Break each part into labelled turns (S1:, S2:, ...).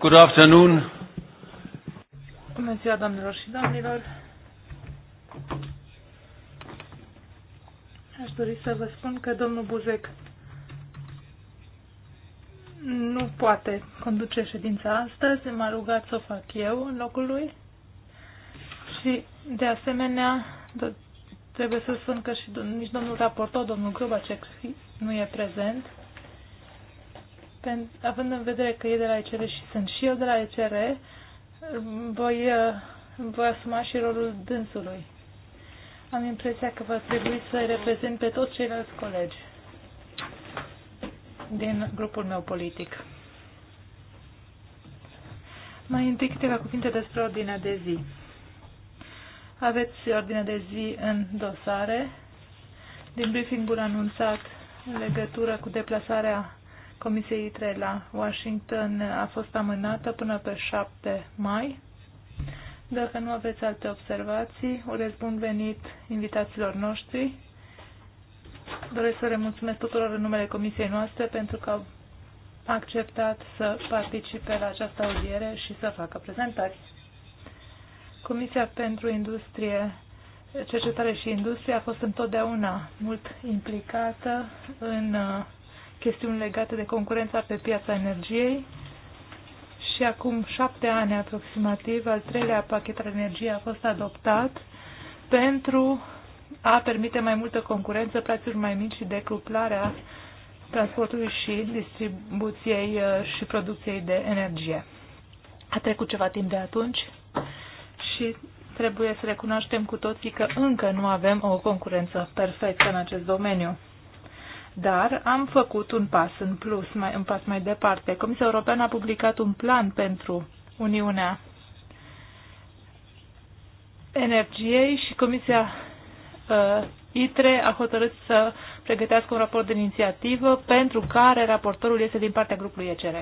S1: Good afternoon.
S2: Bună ziua, doamnelor și domnilor. Aș dori să vă spun că domnul Buzec nu poate conduce ședința astăzi, m-a rugat să o fac eu în locul lui și, de asemenea, trebuie să spun că și nici domnul raportor, domnul Grubacek, nu e prezent având în vedere că e de la ECR și sunt și eu de la ECR, voi, uh, voi asuma și rolul dânsului. Am impresia că va trebui să reprezint pe toți ceilalți colegi din grupul meu politic. Mai întâi câteva cuvinte despre ordinea de zi. Aveți ordinea de zi în dosare. Din briefingul anunțat în legătură cu deplasarea Comisiei 3 la Washington a fost amânată până pe 7 mai. Dacă nu aveți alte observații, urez bun venit invitațiilor noștri. Doresc să le mulțumesc tuturor în numele comisiei noastre pentru că au acceptat să participe la această audiere și să facă prezentări. Comisia pentru Industrie, Cercetare și Industrie a fost întotdeauna mult implicată în uh, chestiuni legate de concurența pe piața energiei și acum șapte ani aproximativ, al treilea pachet al energiei a fost adoptat pentru a permite mai multă concurență, prețuri mai mici și decluplarea transportului și distribuției uh, și producției de energie. A trecut ceva timp de atunci și trebuie să recunoaștem cu toții că încă nu avem o concurență perfectă în acest domeniu dar am făcut un pas în plus, mai, un pas mai departe. Comisia Europeană a publicat un plan pentru Uniunea Energiei și Comisia uh, ITRE a hotărât să pregătească un raport de inițiativă pentru care raportorul este din partea grupului ECR.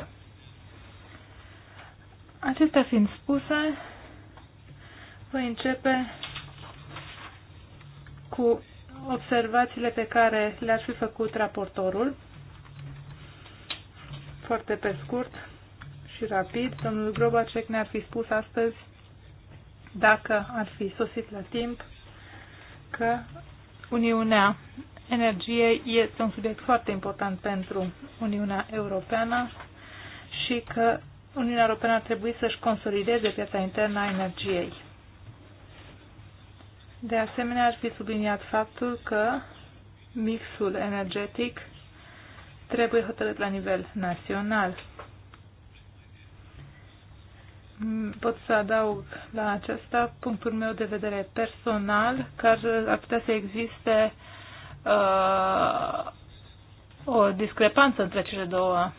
S2: Acestea fiind spuse, voi începe cu observațiile pe care le-ar fi făcut raportorul. Foarte pe scurt și rapid, domnul Grobacek ne-ar fi spus astăzi, dacă ar fi sosit la timp, că Uniunea Energiei este un subiect foarte important pentru Uniunea Europeană și că Uniunea Europeană ar trebui să-și consolideze piața internă a energiei. De asemenea, ar fi subliniat faptul că mixul energetic trebuie hotărât la nivel național. Pot să adaug la acesta punctul meu de vedere personal, care ar putea să existe uh, o discrepanță între cele două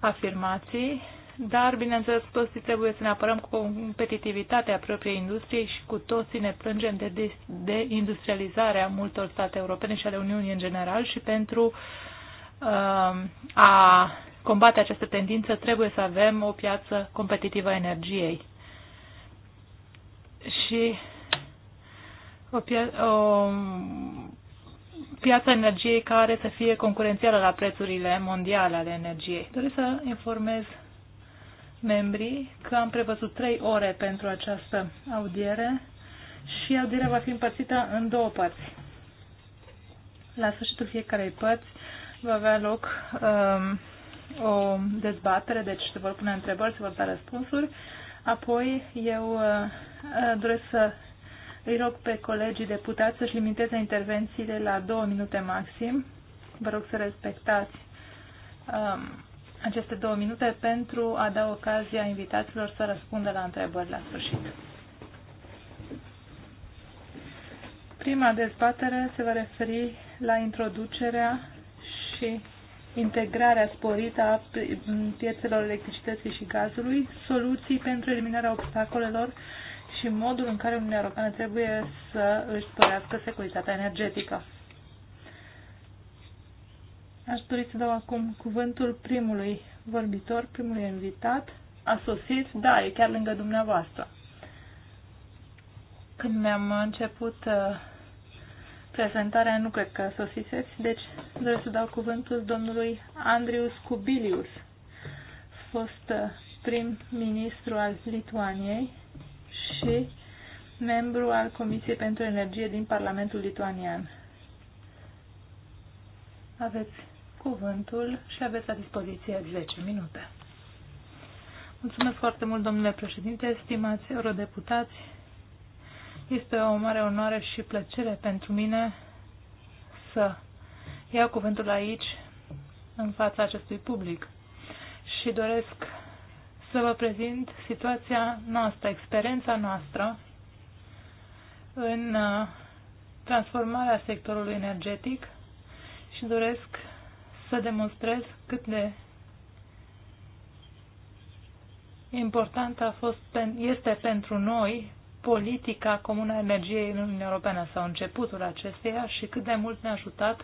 S2: afirmații dar, bineînțeles, cu toții trebuie să ne apărăm cu competitivitatea propriei industriei și cu toții ne plângem de, de industrializarea multor state europene și ale Uniunii în general și pentru uh, a combate această tendință trebuie să avem o piață competitivă a energiei. Și o, pia- o piața energiei care să fie concurențială la prețurile mondiale ale energiei. Doresc să informez membrii că am prevăzut trei ore pentru această audiere și audierea va fi împărțită în două părți. La sfârșitul fiecarei părți va avea loc um, o dezbatere, deci se vor pune întrebări, se vor da răspunsuri. Apoi eu uh, uh doresc să îi rog pe colegii deputați să-și limiteze intervențiile la două minute maxim. Vă rog să respectați um, aceste două minute pentru a da ocazia invitaților să răspundă la întrebări la sfârșit. Prima dezbatere se va referi la introducerea și integrarea sporită a piețelor electricității și gazului, soluții pentru eliminarea obstacolelor și modul în care Uniunea Europeană trebuie să își sporească securitatea energetică. Aș dori să dau acum cuvântul primului vorbitor, primului invitat. A sosit, da, e chiar lângă dumneavoastră. Când mi-am început uh, prezentarea, nu cred că sosiseți, deci doresc să dau cuvântul domnului Andrius Kubilius, fost uh, prim-ministru al Lituaniei și membru al Comisiei pentru Energie din Parlamentul Lituanian. Aveți cuvântul și aveți la dispoziție 10 minute. Mulțumesc foarte mult, domnule președinte, stimați eurodeputați. Este o mare onoare și plăcere pentru mine să iau cuvântul aici, în fața acestui public. Și doresc să vă prezint situația noastră, experiența noastră în uh, transformarea sectorului energetic și doresc să demonstrez cât de importantă a fost, este pentru noi politica comună a energiei în Uniunea Europeană sau începutul acesteia și cât de mult ne-a ajutat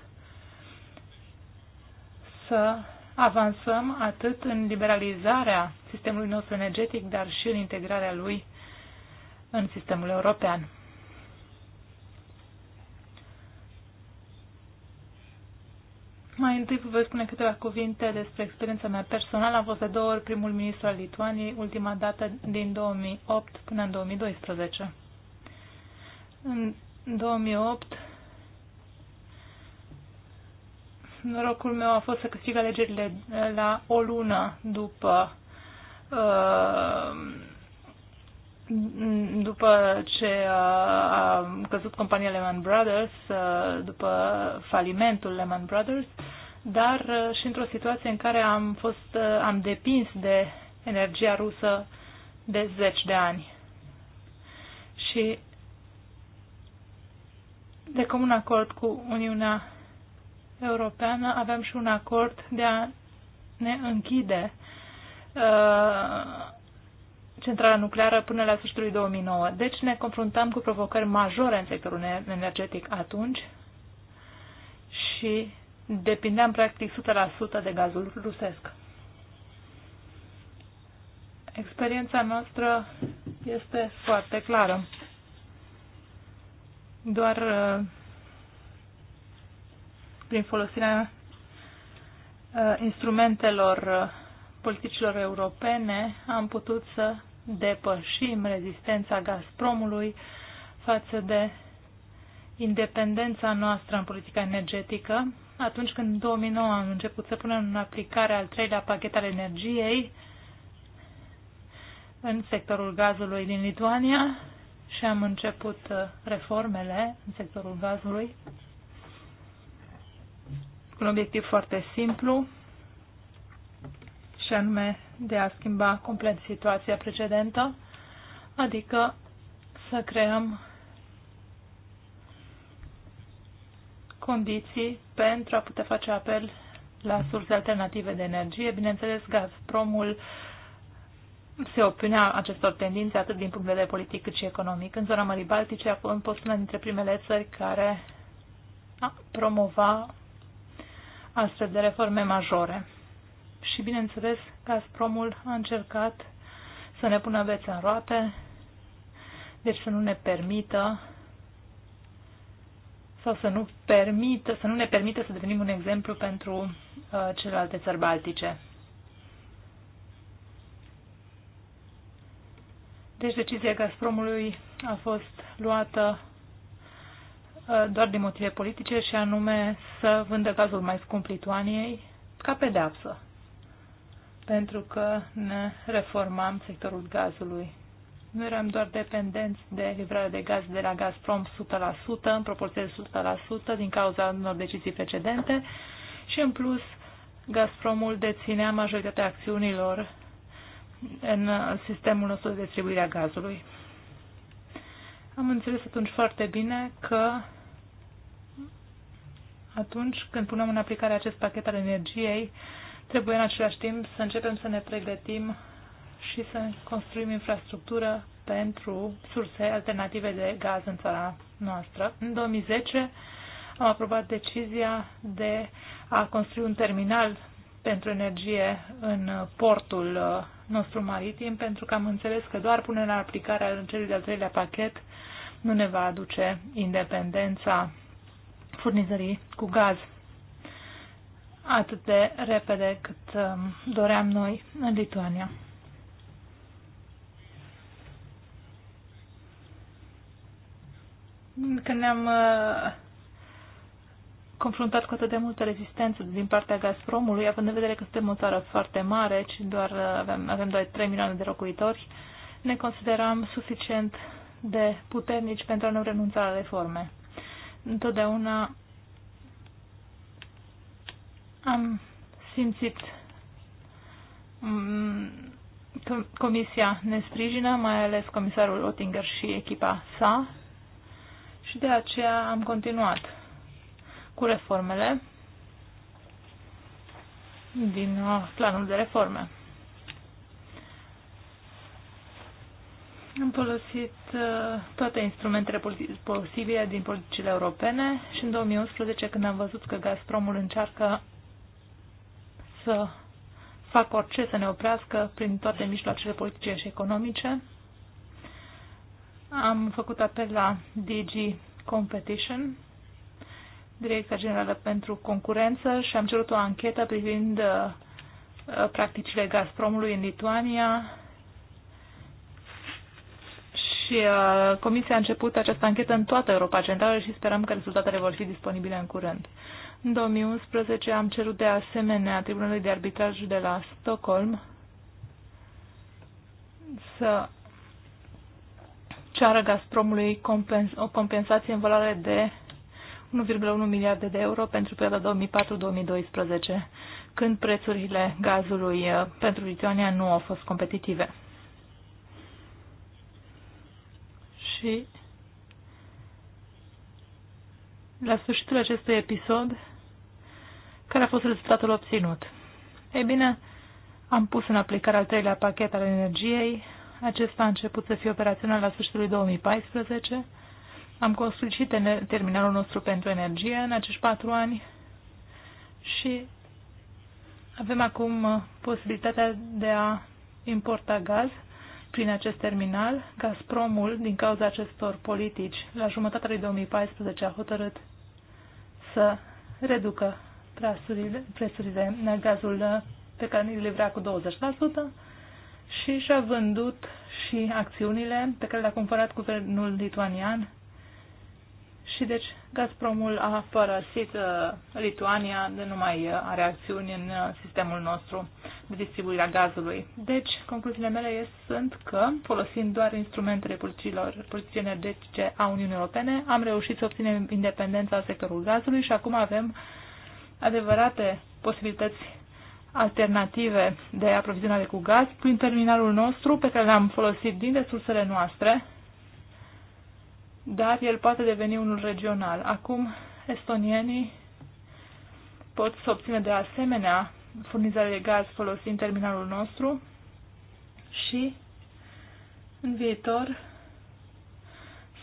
S2: să avansăm atât în liberalizarea sistemului nostru energetic, dar și în integrarea lui în sistemul european. Mai întâi vă voi spune câteva cuvinte despre experiența mea personală. Am fost de două ori primul ministru al Lituaniei, ultima dată din 2008 până în 2012. În 2008, norocul meu a fost să câștig alegerile la o lună după uh, după ce a căzut compania Lehman Brothers, după falimentul Lehman Brothers, dar și într-o situație în care am fost am depins de energia rusă de zeci de ani. Și de comun acord cu Uniunea Europeană avem și un acord de a ne închide uh, centrala nucleară până la sfârșitul 2009. Deci ne confruntăm cu provocări majore în sectorul energetic atunci și depindeam practic 100% de gazul rusesc. Experiența noastră este foarte clară. Doar uh, prin folosirea uh, instrumentelor uh, politicilor europene am putut să depășim rezistența Gazpromului față de independența noastră în politica energetică. Atunci când în 2009 am început să punem în aplicare al treilea pachet al energiei în sectorul gazului din Lituania și am început uh, reformele în sectorul gazului cu un obiectiv foarte simplu și anume de a schimba complet situația precedentă, adică să creăm condiții pentru a putea face apel la surse alternative de energie. Bineînțeles, Gazpromul se opunea acestor tendințe atât din punct de vedere politic cât și economic. În zona Mării Baltice a fost una dintre primele țări care promova astfel de reforme majore și, bineînțeles, Gazpromul a încercat să ne pună veți în roate, deci să nu ne permită sau să nu, permită, să nu ne permită să devenim un exemplu pentru uh, celelalte țări baltice. Deci decizia Gazpromului a fost luată uh, doar din motive politice și anume să vândă gazul mai scump Lituaniei ca pedeapsă pentru că ne reformam sectorul gazului. Nu eram doar dependenți de livrarea de gaz de la Gazprom 100%, în proporție de 100%, din cauza unor decizii precedente și, în plus, Gazpromul deținea majoritatea acțiunilor în sistemul nostru de distribuire a gazului. Am înțeles atunci foarte bine că atunci când punem în aplicare acest pachet al energiei, Trebuie în același timp să începem să ne pregătim și să construim infrastructură pentru surse alternative de gaz în țara noastră. În 2010 am aprobat decizia de a construi un terminal pentru energie în portul uh, nostru maritim, pentru că am înțeles că doar punerea în aplicare a celui de-al treilea pachet nu ne va aduce independența furnizării cu gaz atât de repede cât um, doream noi în Lituania. Când ne-am uh, confruntat cu atât de multă rezistență din partea Gazpromului, având în vedere că suntem o țară foarte mare, ci doar uh, avem, avem doar 3 milioane de locuitori, ne consideram suficient de puternici pentru a nu renunța la reforme. Întotdeauna am simțit mm, că Comisia ne sprijină, mai ales comisarul Oettinger și echipa sa și de aceea am continuat cu reformele din planul de reforme. Am folosit uh, toate instrumentele posibile din politicile europene și în 2011, când am văzut că Gazpromul încearcă să fac orice să ne oprească prin toate mijloacele politice și economice. Am făcut apel la DG Competition, Direcția Generală pentru Concurență și am cerut o anchetă privind uh, practicile Gazpromului în Lituania și uh, Comisia a început această anchetă în toată Europa Centrală și sperăm că rezultatele vor fi disponibile în curând. În 2011 am cerut de asemenea Tribunalului de Arbitraj de la Stockholm să ceară Gazpromului compens o compensație în valoare de 1,1 miliarde de euro pentru perioada 2004-2012, când prețurile gazului uh, pentru Lituania nu au fost competitive. Și la sfârșitul acestui episod, care a fost rezultatul obținut? Ei bine, am pus în aplicare al treilea pachet al energiei. Acesta a început să fie operațional la sfârșitul 2014. Am construit și terminalul nostru pentru energie în acești patru ani și avem acum uh, posibilitatea de a importa gaz prin acest terminal. Gazpromul, din cauza acestor politici, la jumătatea lui 2014 a hotărât să reducă prețurile, prețurile gazul pe care ni le vrea cu 20% și și-a vândut și acțiunile pe care le-a cumpărat guvernul lituanian și deci Gazpromul a părăsit uh, Lituania, de nu mai uh, are acțiuni în uh, sistemul nostru de distribuire a gazului. Deci, concluziile mele este, sunt că, folosind doar instrumentele politicii energetice a Uniunii Europene, am reușit să obținem independența sectorului gazului și acum avem uh, adevărate posibilități alternative de aprovizionare cu gaz prin terminalul nostru pe care l-am folosit din resursele noastre, dar el poate deveni unul regional. Acum, estonienii pot să obțină de asemenea furnizare de gaz folosind terminalul nostru și în viitor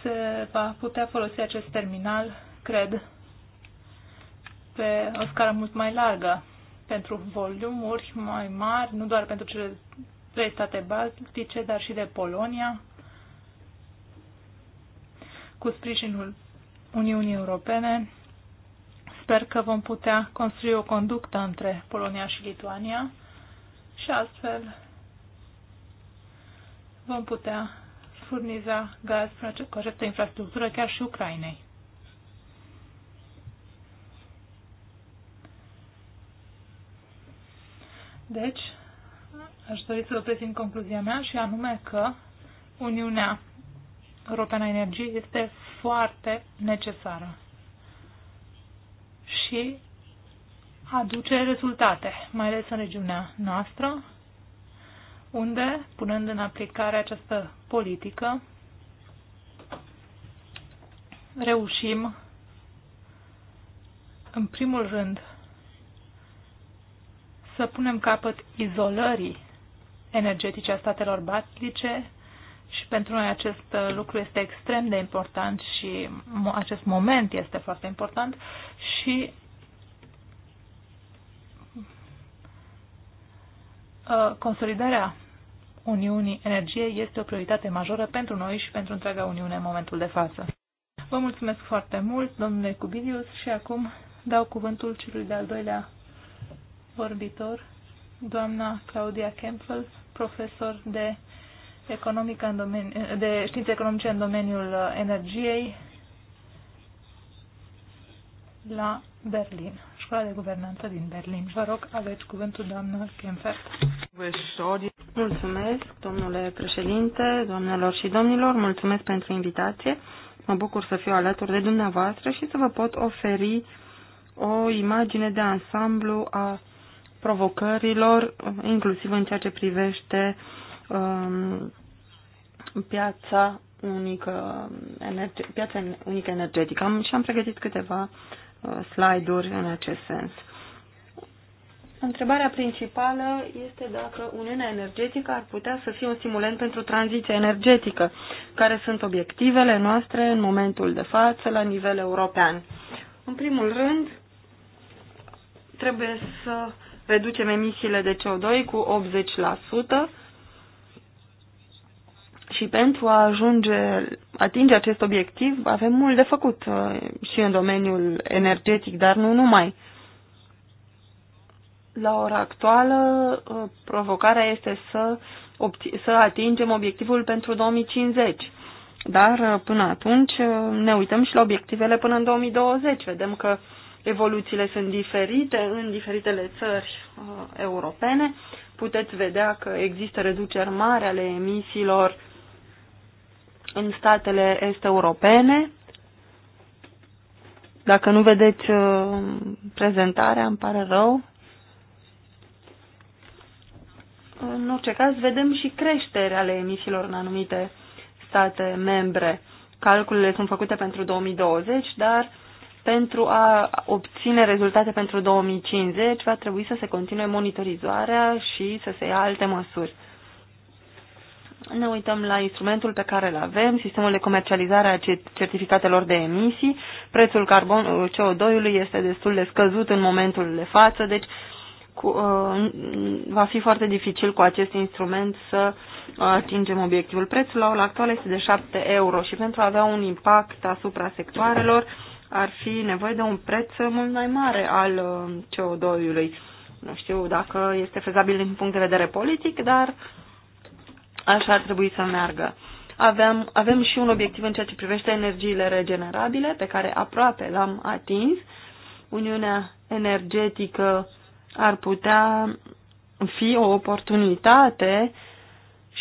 S2: se va putea folosi acest terminal, cred, pe o scară mult mai largă, pentru volumuri mai mari, nu doar pentru cele trei state baltice, dar și de Polonia, cu sprijinul Uniunii Europene. Sper că vom putea construi o conductă între Polonia și Lituania și astfel vom putea furniza gaz cu această infrastructură chiar și Ucrainei. Deci, aș dori să vă prezint concluzia mea și anume că Uniunea Europeană a Energiei este foarte necesară și aduce rezultate, mai ales în regiunea noastră, unde, punând în aplicare această politică, reușim, în primul rând, să punem capăt izolării energetice a statelor batlice și pentru noi acest uh, lucru este extrem de important și acest moment este foarte important și uh, consolidarea Uniunii Energiei este o prioritate majoră pentru noi și pentru întreaga Uniune în momentul de față. Vă mulțumesc foarte mult, domnule Cubilius, și acum dau cuvântul celui de-al doilea vorbitor, doamna Claudia Campbell, profesor de, economică în domeni, de științe economice în domeniul uh, energiei la Berlin, Școala de Guvernanță din Berlin. Vă rog, aveți cuvântul, doamna Kempfer.
S3: Mulțumesc, domnule președinte, doamnelor și domnilor, mulțumesc pentru invitație. Mă bucur să fiu alături de dumneavoastră și să vă pot oferi o imagine de ansamblu a provocărilor, inclusiv în ceea ce privește um, piața unică, energe- piața unică energetică. Am, și am pregătit câteva uh, slide-uri în acest sens. Întrebarea principală este dacă Uniunea Energetică ar putea să fie un stimulent pentru tranziția energetică, care sunt obiectivele noastre în momentul de față la nivel european. În primul rând, trebuie să reducem emisiile de CO2 cu 80% și pentru a ajunge, atinge acest obiectiv avem mult de făcut uh, și în domeniul energetic, dar nu numai. La ora actuală, uh, provocarea este să, să atingem obiectivul pentru 2050. Dar uh, până atunci ne uităm și la obiectivele până în 2020. Vedem că uh, evoluțiile sunt diferite în diferitele țări uh, europene. Puteți vedea că există reduceri mari ale emisiilor în statele est-europene. Dacă nu vedeți uh, prezentarea, îmi pare rău. În orice caz, vedem și creșteri ale emisiilor în anumite state membre. Calculele sunt făcute pentru 2020, dar pentru a obține rezultate pentru 2050, va trebui să se continue monitorizarea și să se ia alte măsuri. Ne uităm la instrumentul pe care îl avem, sistemul de comercializare a certificatelor de emisii. Prețul carbon CO2-ului este destul de scăzut în momentul de față, deci cu, uh, va fi foarte dificil cu acest instrument să atingem obiectivul. Prețul la actual este de 7 euro și pentru a avea un impact asupra sectoarelor, uh, ar fi nevoie de un preț mult mai mare al uh, CO2-ului. Nu știu dacă este fezabil din punct de vedere politic, dar așa ar trebui să meargă. Avem, avem și un obiectiv în ceea ce privește energiile regenerabile, pe care aproape l-am atins. Uniunea energetică ar putea fi o oportunitate uh,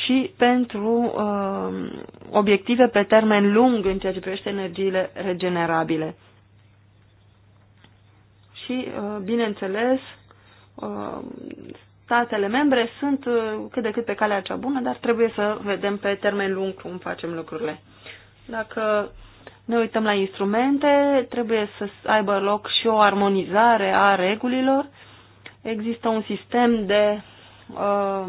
S3: și pentru uh, obiective pe termen lung în ceea ce privește energiile regenerabile. Și, uh, bineînțeles, uh, statele membre sunt uh, cât de cât pe calea cea bună, dar trebuie să vedem pe termen lung cum facem lucrurile. Dacă ne uităm la instrumente, trebuie să aibă loc și o armonizare a regulilor. Există un sistem de uh,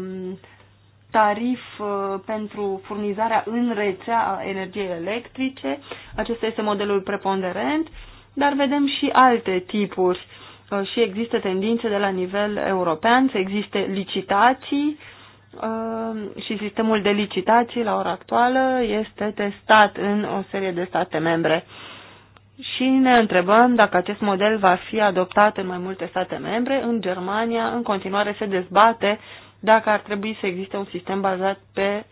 S3: tarif uh, pentru furnizarea în rețea a energiei electrice. Acesta este modelul preponderent, dar vedem și alte tipuri uh, și există tendințe de la nivel european să existe licitații uh, și sistemul de licitații la ora actuală este testat în o serie de state membre. Și ne întrebăm dacă acest model va fi adoptat în mai multe state membre. În Germania, în continuare, se dezbate dacă ar trebui să existe un sistem bazat pe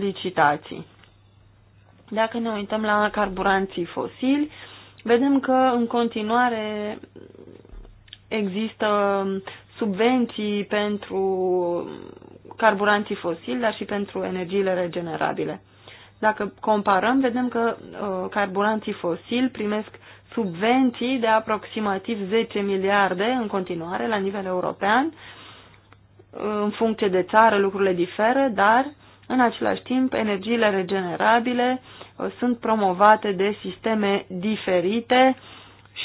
S3: licitații. Dacă ne uităm la carburanții fosili, vedem că în continuare există subvenții pentru carburanții fosili, dar și pentru energiile regenerabile. Dacă comparăm, vedem că uh, carburanții fosili primesc subvenții de aproximativ 10 miliarde în continuare la nivel european, uh, în funcție de țară lucrurile diferă, dar în același timp energiile regenerabile uh, sunt promovate de sisteme diferite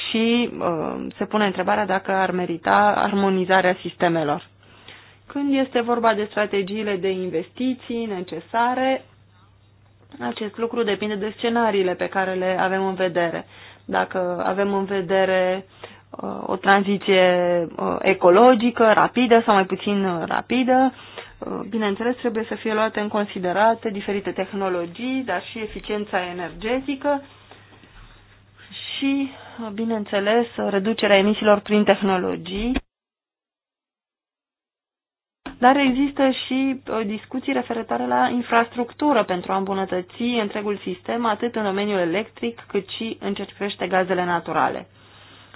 S3: și uh, se pune întrebarea dacă ar merita armonizarea sistemelor. Când este vorba de strategiile de investiții necesare, acest lucru depinde de scenariile pe care le avem în vedere. Dacă avem în vedere o tranziție uh, ecologică, rapidă sau mai puțin uh, rapidă. Uh, bineînțeles, trebuie să fie luate în considerate diferite tehnologii, dar și eficiența energetică și, bineînțeles, reducerea emisiilor prin tehnologii. Dar există și discuții referitoare la infrastructură pentru a îmbunătăți întregul sistem, atât în domeniul electric, cât și în ce privește gazele naturale.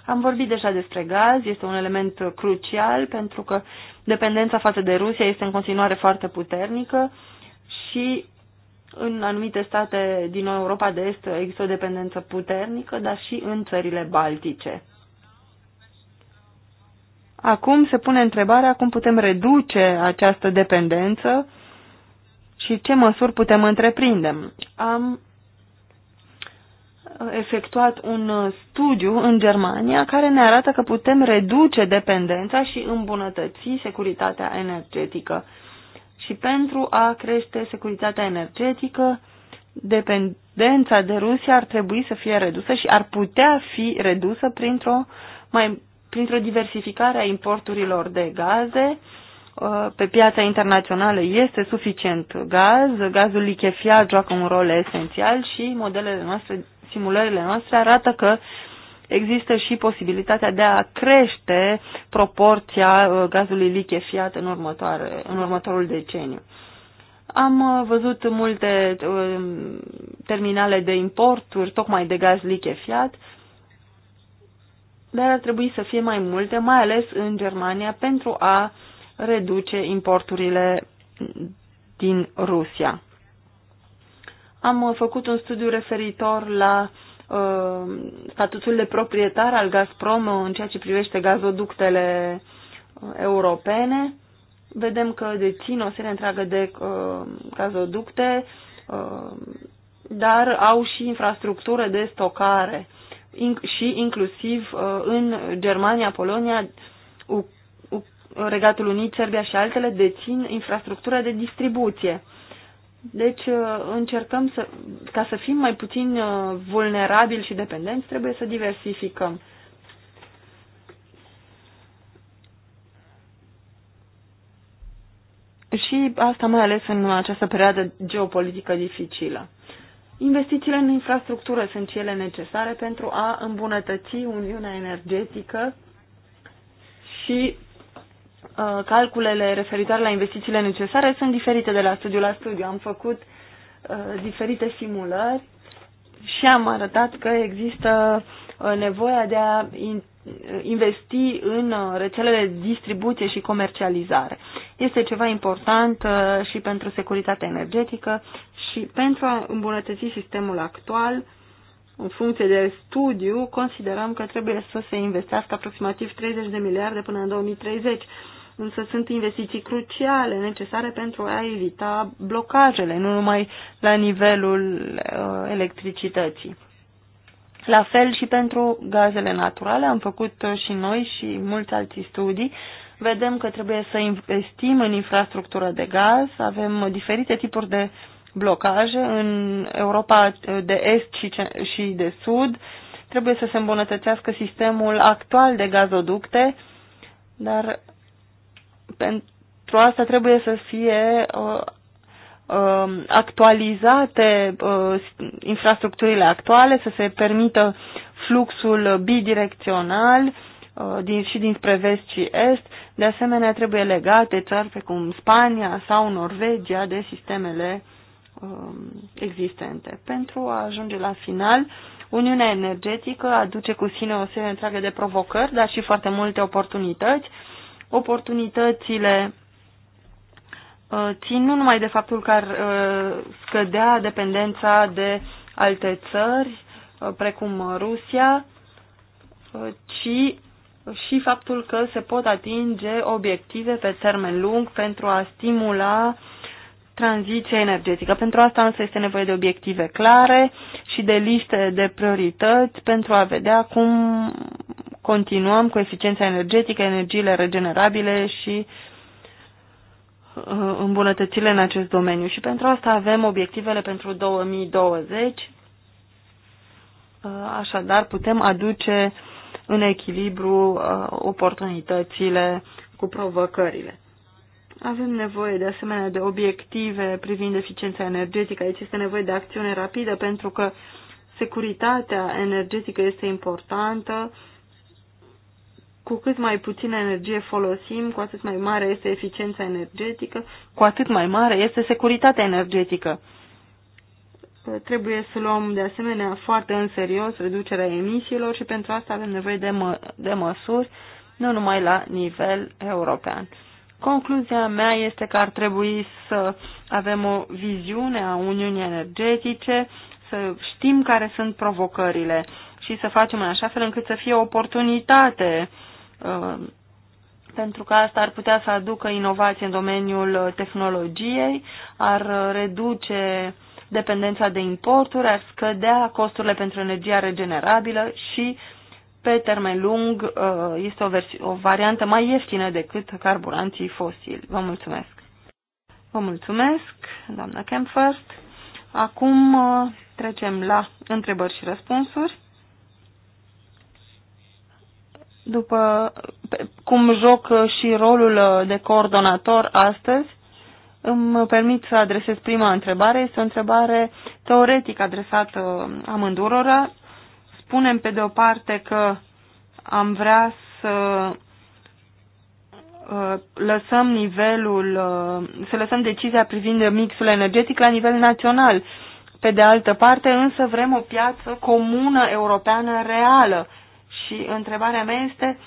S3: Am vorbit deja despre gaz, este un element crucial pentru că dependența față de Rusia este în continuare foarte puternică și în anumite state din Europa de Est există o dependență puternică, dar și în țările baltice. Acum se pune întrebarea cum putem reduce această dependență și ce măsuri putem întreprinde. Am efectuat un uh, studiu în Germania care ne arată că putem reduce dependența și îmbunătăți securitatea energetică. Și pentru a crește securitatea energetică, dependența de Rusia ar trebui să fie redusă și ar putea fi redusă printr-o mai printr-o diversificare a importurilor de gaze. Uh, pe piața internațională este suficient gaz, gazul lichefiat joacă un rol esențial și modelele noastre simulările noastre arată că există și posibilitatea de a crește proporția uh, gazului lichefiat în, următoare, în următorul deceniu. Am uh, văzut multe uh, terminale de importuri tocmai de gaz lichefiat, dar ar trebui să fie mai multe, mai ales în Germania, pentru a reduce importurile din Rusia. Am uh, făcut un studiu referitor la uh, statutul de proprietar al Gazprom în ceea ce privește gazoductele uh, europene. Vedem că dețin o serie întreagă de uh, gazoducte, uh, dar au și infrastructură de stocare și inclusiv uh, în Germania, Polonia, Regatul Unit, Serbia și altele dețin infrastructura de distribuție. Deci uh, încercăm să, ca să fim mai puțin uh, vulnerabili și dependenți, trebuie să diversificăm. Și asta mai ales în această perioadă geopolitică dificilă. Investițiile în infrastructură sunt cele necesare pentru a îmbunătăți Uniunea Energetică și Uh, calculele referitoare la investițiile necesare sunt diferite de la studiu la studiu. Am făcut uh, diferite simulări și am arătat că există uh, nevoia de a investi în rețelele de distribuție și comercializare. Este ceva important și pentru securitatea energetică și pentru a îmbunătăți sistemul actual, în funcție de studiu, considerăm că trebuie să se investească aproximativ 30 de miliarde până în 2030 însă sunt investiții cruciale, necesare pentru a evita blocajele, nu numai la nivelul uh, electricității. La fel și pentru gazele naturale, am făcut uh, și noi și mulți alții studii. Vedem că trebuie să investim în infrastructură de gaz, avem diferite tipuri de blocaje în Europa uh, de Est și de Sud. Trebuie să se îmbunătățească sistemul actual de gazoducte, dar pentru asta trebuie să fie uh, um, actualizate uh, infrastructurile actuale, să se permită fluxul bidirecțional uh, din, și dinspre vest și est. De asemenea, trebuie legate țări precum Spania sau Norvegia de sistemele um, existente. Pentru a ajunge la final, Uniunea energetică aduce cu sine o serie întreagă de provocări, dar și foarte multe oportunități oportunitățile uh, țin nu numai de faptul că ar uh, scădea dependența de alte țări, uh, precum Rusia, ci și faptul că se pot atinge obiective pe termen lung pentru a stimula tranziția energetică. Pentru asta însă este nevoie de obiective clare și de liste de priorități pentru a vedea cum continuăm cu eficiența energetică, energiile regenerabile și uh, îmbunătățile în acest domeniu. Și pentru asta avem obiectivele pentru 2020. Uh, așadar, putem aduce în echilibru uh, oportunitățile cu provocările. Avem nevoie de asemenea de obiective privind eficiența energetică. Aici este nevoie de acțiune rapidă pentru că securitatea energetică este importantă cu cât mai puțină energie folosim, cu atât mai mare este eficiența energetică, cu atât mai mare este securitatea energetică. Trebuie să luăm de asemenea foarte în serios reducerea emisiilor și pentru asta avem nevoie de, mă, de măsuri, nu numai la nivel european. Concluzia mea este că ar trebui să avem o viziune a Uniunii Energetice, să știm care sunt provocările și să facem în așa fel încât să fie o oportunitate uh, Um, pentru că asta ar putea să aducă inovație în domeniul tehnologiei, ar reduce dependența de importuri, ar scădea costurile pentru energia regenerabilă și, pe termen lung, uh, este o, o variantă mai ieftină decât carburanții fosili. Vă mulțumesc! Vă mulțumesc, doamna Kempfert. Acum uh, trecem la întrebări și răspunsuri după cum joc uh, și rolul uh, de coordonator astăzi, îmi permit să adresez prima întrebare. Este o întrebare teoretic adresată uh, amândurora. Spunem pe de o parte că am vrea să lăsăm nivelul, să lăsăm decizia privind mixul energetic la nivel național. Pe de altă parte, însă vrem o piață comună europeană reală și întrebarea mea este,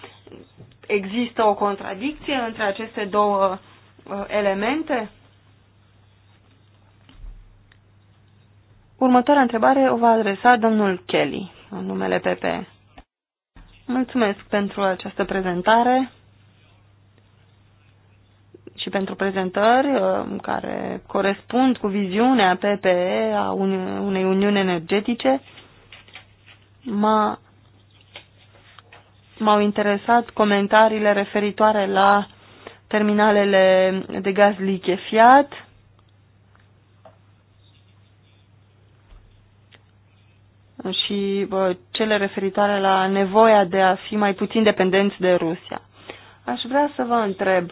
S3: există o contradicție între aceste două uh, elemente? Următoarea întrebare o va adresa domnul Kelly, în numele PP. Mulțumesc pentru această prezentare și pentru prezentări uh, care corespund cu viziunea PPE a unei uniuni energetice. M-a m-au interesat comentariile referitoare la terminalele de gaz lichefiat. și cele referitoare la nevoia de a fi mai puțin dependenți de Rusia. Aș vrea să vă întreb,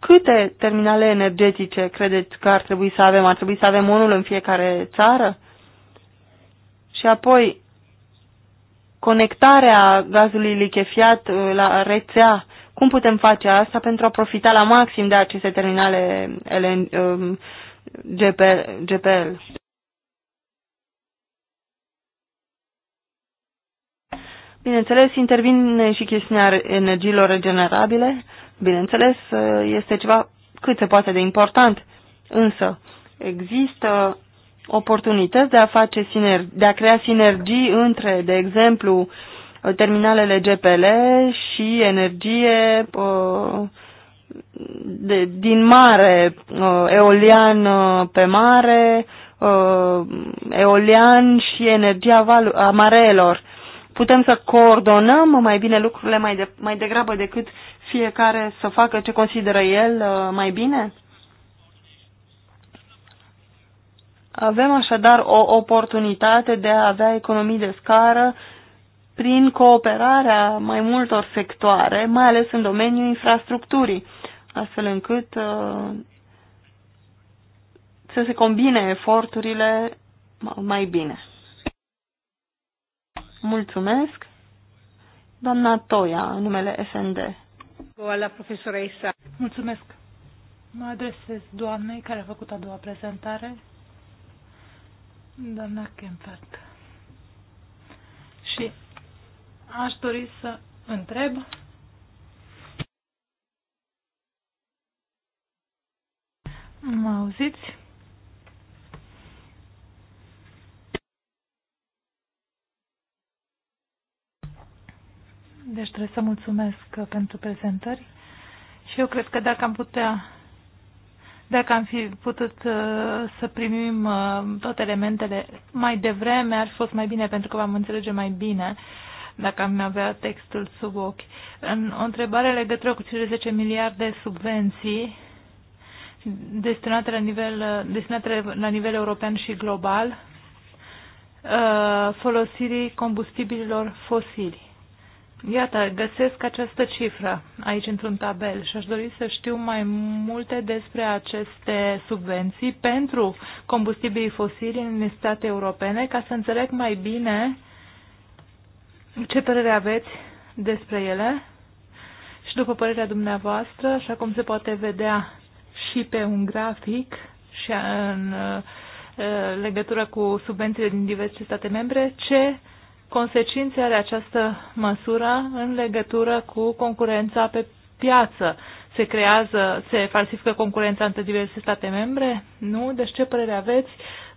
S3: câte terminale energetice credeți că ar trebui să avem? Ar trebui să avem unul în fiecare țară? Și apoi, conectarea gazului lichefiat uh, la rețea. Cum putem face asta pentru a profita la maxim de aceste terminale LN, um, GPL? GPL? Bineînțeles, intervine și chestiunea energiilor regenerabile. Bineînțeles, uh, este ceva cât se poate de important. Însă, există oportunități de a, face siner- de a crea sinergii între, de exemplu, terminalele GPL și energie uh, de, din mare, uh, eolian uh, pe mare, eolian și energia valu, a marelor. Putem să coordonăm mai bine lucrurile mai, de, mai degrabă decât fiecare să facă ce consideră el mai bine? Avem așadar o oportunitate de a avea economii de scară prin cooperarea mai multor sectoare, mai ales în domeniul infrastructurii, astfel încât uh, să se combine eforturile mai bine. Mulțumesc. Doamna Toia, în numele SND.
S2: profesoră profesoresa. Mulțumesc. Mă adresez doamnei care a făcut a doua prezentare Doamna Kempert. Și aș dori să întreb Mă auziți? Deci trebuie să mulțumesc pentru prezentări și eu cred că dacă am putea dacă am fi putut uh, să primim uh, toate elementele mai devreme, ar fi fost mai bine pentru că v-am înțelege mai bine dacă am avea textul sub ochi. În o întrebare legătură cu cele 10 miliarde subvenții destinate la nivel, destinate la nivel european și global uh, folosirii combustibililor fosili. Iată, găsesc această cifră aici într-un tabel și aș dori să știu mai multe despre aceste subvenții pentru combustibilii fosili în state europene ca să înțeleg mai bine ce părere aveți despre ele și după părerea dumneavoastră, așa cum se poate vedea și pe un grafic și în uh, legătură cu subvențiile din diverse state membre, ce consecințe are această măsură în legătură cu concurența pe piață? Se creează, se falsifică concurența între diverse state membre? Nu? Deci ce părere aveți?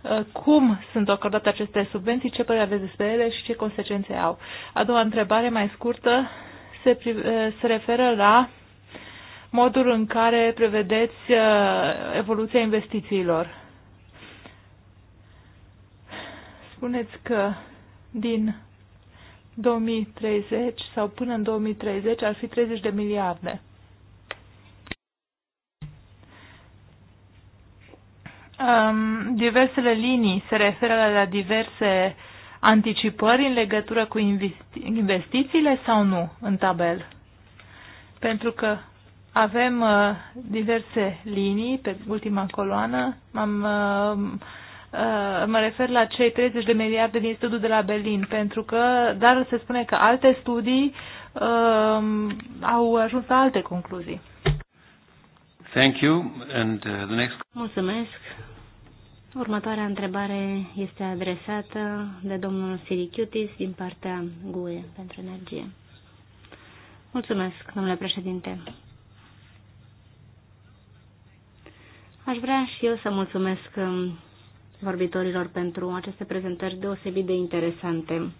S2: Uh, cum sunt acordate aceste subvenții? Ce părere aveți despre ele și ce consecințe au? A doua întrebare mai scurtă se, uh, se referă la modul în care prevedeți uh, evoluția investițiilor. Spuneți că din 2030 sau până în 2030 ar fi 30 de miliarde. Um, diversele linii se referă la diverse anticipări în legătură cu investi investițiile sau nu în tabel? Pentru că avem uh, diverse linii pe ultima coloană. M-am uh, Uh, mă refer la cei 30 de miliarde din studiul de la Berlin, pentru că, dar se spune că alte studii uh, au ajuns la alte concluzii.
S1: Thank you. And uh, the next...
S4: Mulțumesc. Următoarea întrebare este adresată de domnul Sirichiutis din partea GUE pentru energie. Mulțumesc, domnule președinte. Aș vrea și eu să mulțumesc um, vorbitorilor pentru aceste prezentări deosebit de interesante.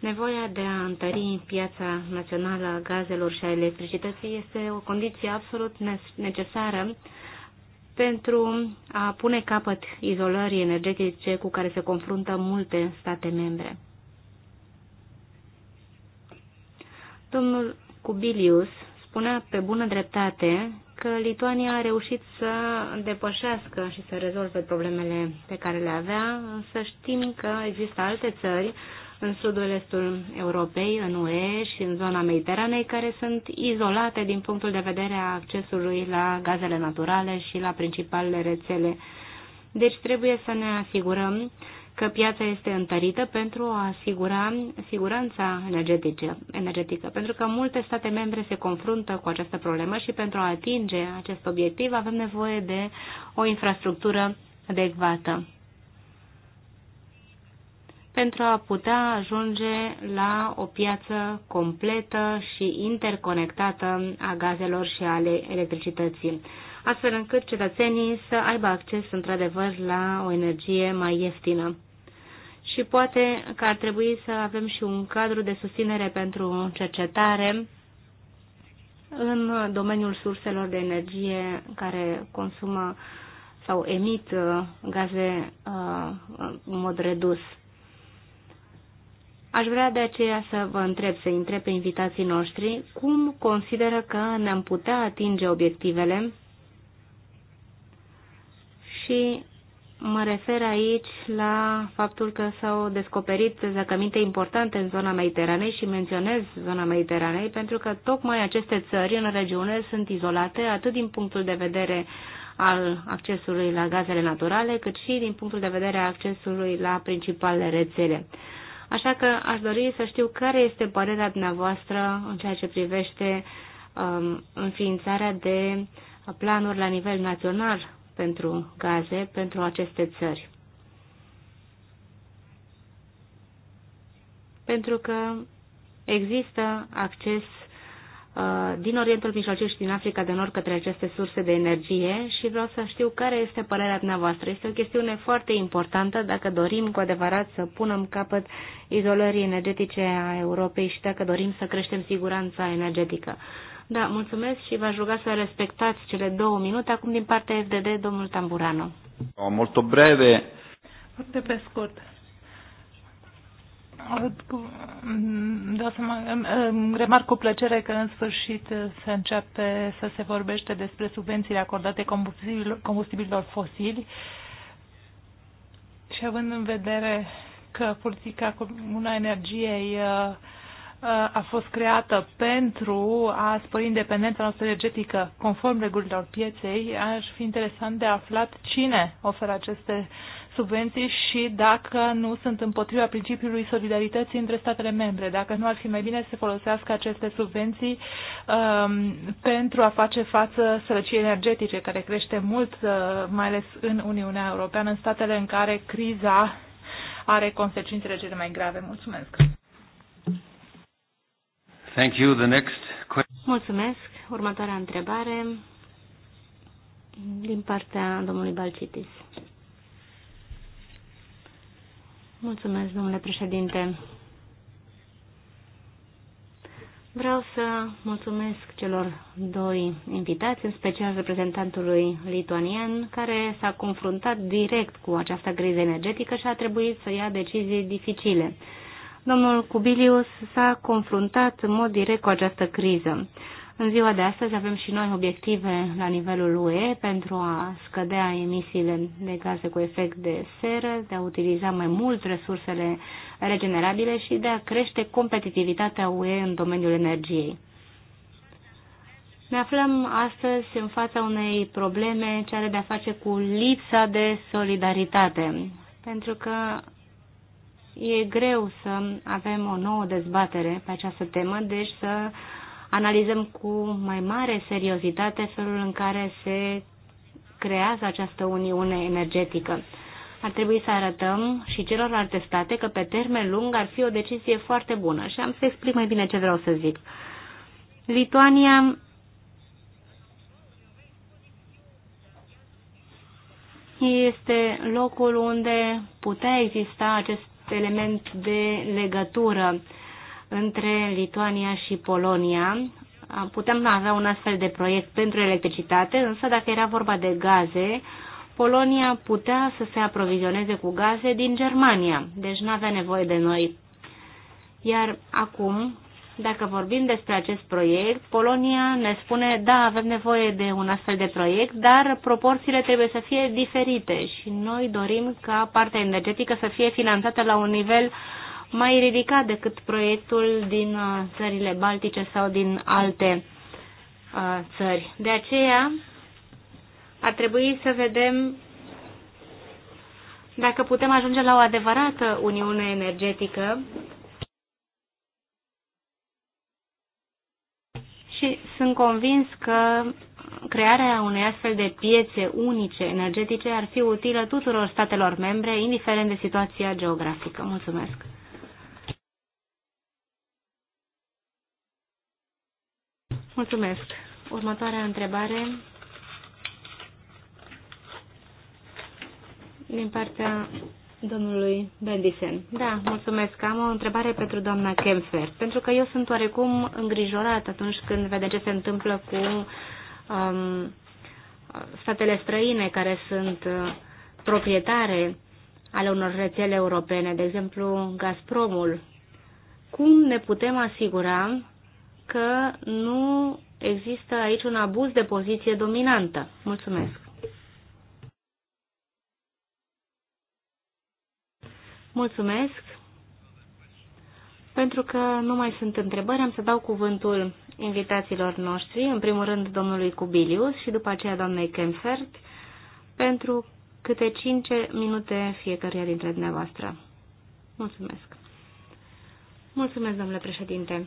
S4: Nevoia de a întări piața națională a gazelor și a electricității este o condiție absolut necesară pentru a pune capăt izolării energetice cu care se confruntă multe state membre. Domnul Cubilius spunea pe bună dreptate că Lituania a reușit să depășească și să rezolve problemele pe care le avea, însă știm că există alte țări în sudul estul Europei, în UE și în zona Mediteranei, care sunt izolate din punctul de vedere a accesului la gazele naturale și la principalele rețele. Deci trebuie să ne asigurăm că piața este întărită pentru a asigura siguranța energetică, energetică, pentru că multe state membre se confruntă cu această problemă și pentru a atinge acest obiectiv avem nevoie de o infrastructură adecvată pentru a putea ajunge la o piață completă și interconectată a gazelor și ale electricității, astfel încât cetățenii să aibă acces într-adevăr la o energie mai ieftină și poate că ar trebui să avem și un cadru de susținere pentru cercetare în domeniul surselor de energie care consumă sau emit uh, gaze uh, în mod redus. Aș vrea de aceea să vă întreb, să întreb pe invitații noștri, cum consideră că ne-am putea atinge obiectivele și Mă refer aici la faptul că s-au descoperit zăcăminte importante în zona Mediteranei și menționez zona Mediteranei pentru că tocmai aceste țări în regiune sunt izolate atât din punctul de vedere al accesului la gazele naturale, cât și din punctul de vedere al accesului la principalele rețele. Așa că aș dori să știu care este părerea dumneavoastră în ceea ce privește um, înființarea de planuri la nivel național pentru gaze pentru aceste țări. Pentru că există acces uh, din Orientul Mijlociu și din Africa de Nord către aceste surse de energie și vreau să știu care este părerea dumneavoastră. Este o chestiune foarte importantă dacă dorim cu adevărat să punem capăt izolării energetice a Europei și dacă dorim să creștem siguranța energetică. Da, mulțumesc și v-aș ruga să respectați cele două minute. Acum din partea FDD, domnul Tamburano.
S1: O, molto breve.
S4: Foarte pe scurt.
S2: să mă, remarc cu plăcere că în sfârșit se începe să se vorbește despre subvențiile acordate combustibililor, combustibililor fosili și având în vedere că politica comună a energiei uh, a fost creată pentru a spori independența noastră energetică conform regulilor pieței, ar fi interesant de aflat cine oferă aceste subvenții și dacă nu sunt împotriva principiului solidarității între statele membre, dacă nu ar fi mai bine să folosească aceste subvenții um, pentru a face față sărăciei energetice, care crește mult, uh, mai ales în Uniunea Europeană, în statele în care criza are consecințele cele mai grave. Mulțumesc!
S1: Thank you. The next question.
S4: Mulțumesc. Următoarea întrebare din partea domnului Balcitis. Mulțumesc, domnule președinte. Vreau să mulțumesc celor doi invitați, în special reprezentantului lituanian, care s-a confruntat direct cu această criză energetică și a trebuit să ia decizii dificile. Domnul Cubilius s-a confruntat în mod direct cu această criză. În ziua de astăzi avem și noi obiective la nivelul UE pentru a scădea emisiile de gaze cu efect de seră, de a utiliza mai mult resursele regenerabile și de a crește competitivitatea UE în domeniul energiei. Ne aflăm astăzi în fața unei probleme ce are de-a face cu lipsa de solidaritate, pentru că e greu să avem o nouă dezbatere pe această temă, deci să analizăm cu mai mare seriozitate felul în care se creează această uniune energetică. Ar trebui să arătăm și celorlalte state că pe termen lung ar fi o decizie foarte bună și am să explic mai bine ce vreau să zic. Lituania este locul unde putea exista acest element de legătură între Lituania și Polonia. Putem avea un astfel de proiect pentru electricitate, însă dacă era vorba de gaze, Polonia putea să se aprovizioneze cu gaze din Germania, deci nu avea nevoie de noi. Iar acum, dacă vorbim despre acest proiect, Polonia ne spune, da, avem nevoie de un astfel de proiect, dar proporțiile trebuie să fie diferite și noi dorim ca partea energetică să fie finanțată la un nivel mai ridicat decât proiectul din uh, țările baltice sau din alte uh, țări. De aceea ar trebui să vedem dacă putem ajunge la o adevărată uniune energetică și sunt convins că crearea unei astfel de piețe unice energetice ar fi utilă tuturor statelor membre, indiferent de situația geografică. Mulțumesc! Mulțumesc! Următoarea întrebare din partea domnului Bendisen. Da, mulțumesc. Am o întrebare pentru doamna Kempfer, pentru că eu sunt oarecum îngrijorat atunci când vedem ce se întâmplă cu um, statele străine care sunt uh, proprietare ale unor rețele europene, de exemplu Gazpromul. Cum ne putem asigura că nu există aici un abuz de poziție dominantă? Mulțumesc. Mulțumesc. Pentru că nu mai sunt întrebări, am să dau cuvântul invitațiilor noștri, în primul rând domnului Cubilius și după aceea doamnei Kemfert, pentru câte cinci minute fiecăruia dintre dumneavoastră. Mulțumesc. Mulțumesc, domnule președinte.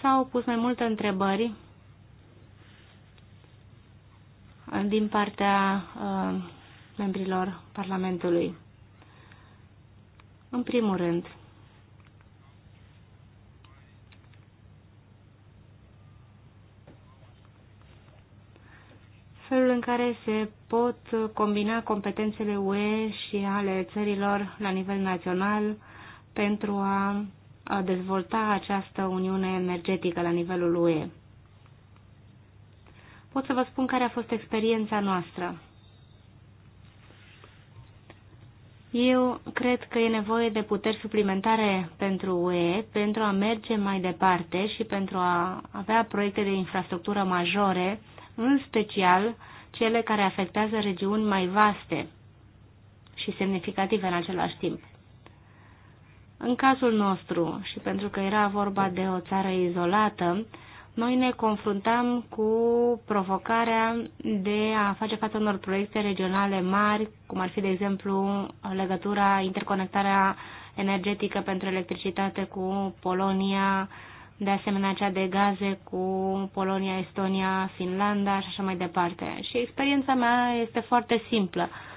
S4: S-au pus mai multe întrebări din partea uh, membrilor Parlamentului. În primul rând, felul în care se pot combina competențele UE și ale țărilor la nivel național pentru a dezvolta această uniune energetică la nivelul UE pot să vă spun care a fost experiența noastră. Eu cred că e nevoie de puteri suplimentare pentru UE pentru a merge mai departe și pentru a avea proiecte de infrastructură majore, în special cele care afectează regiuni mai vaste și semnificative în același timp. În cazul nostru, și pentru că era vorba de o țară izolată, noi ne confruntăm cu provocarea de a face față unor proiecte regionale mari, cum ar fi, de exemplu, legătura, interconectarea energetică pentru electricitate cu Polonia, de asemenea cea de gaze cu Polonia, Estonia, Finlanda și așa mai departe. Și experiența mea este foarte simplă. Uh,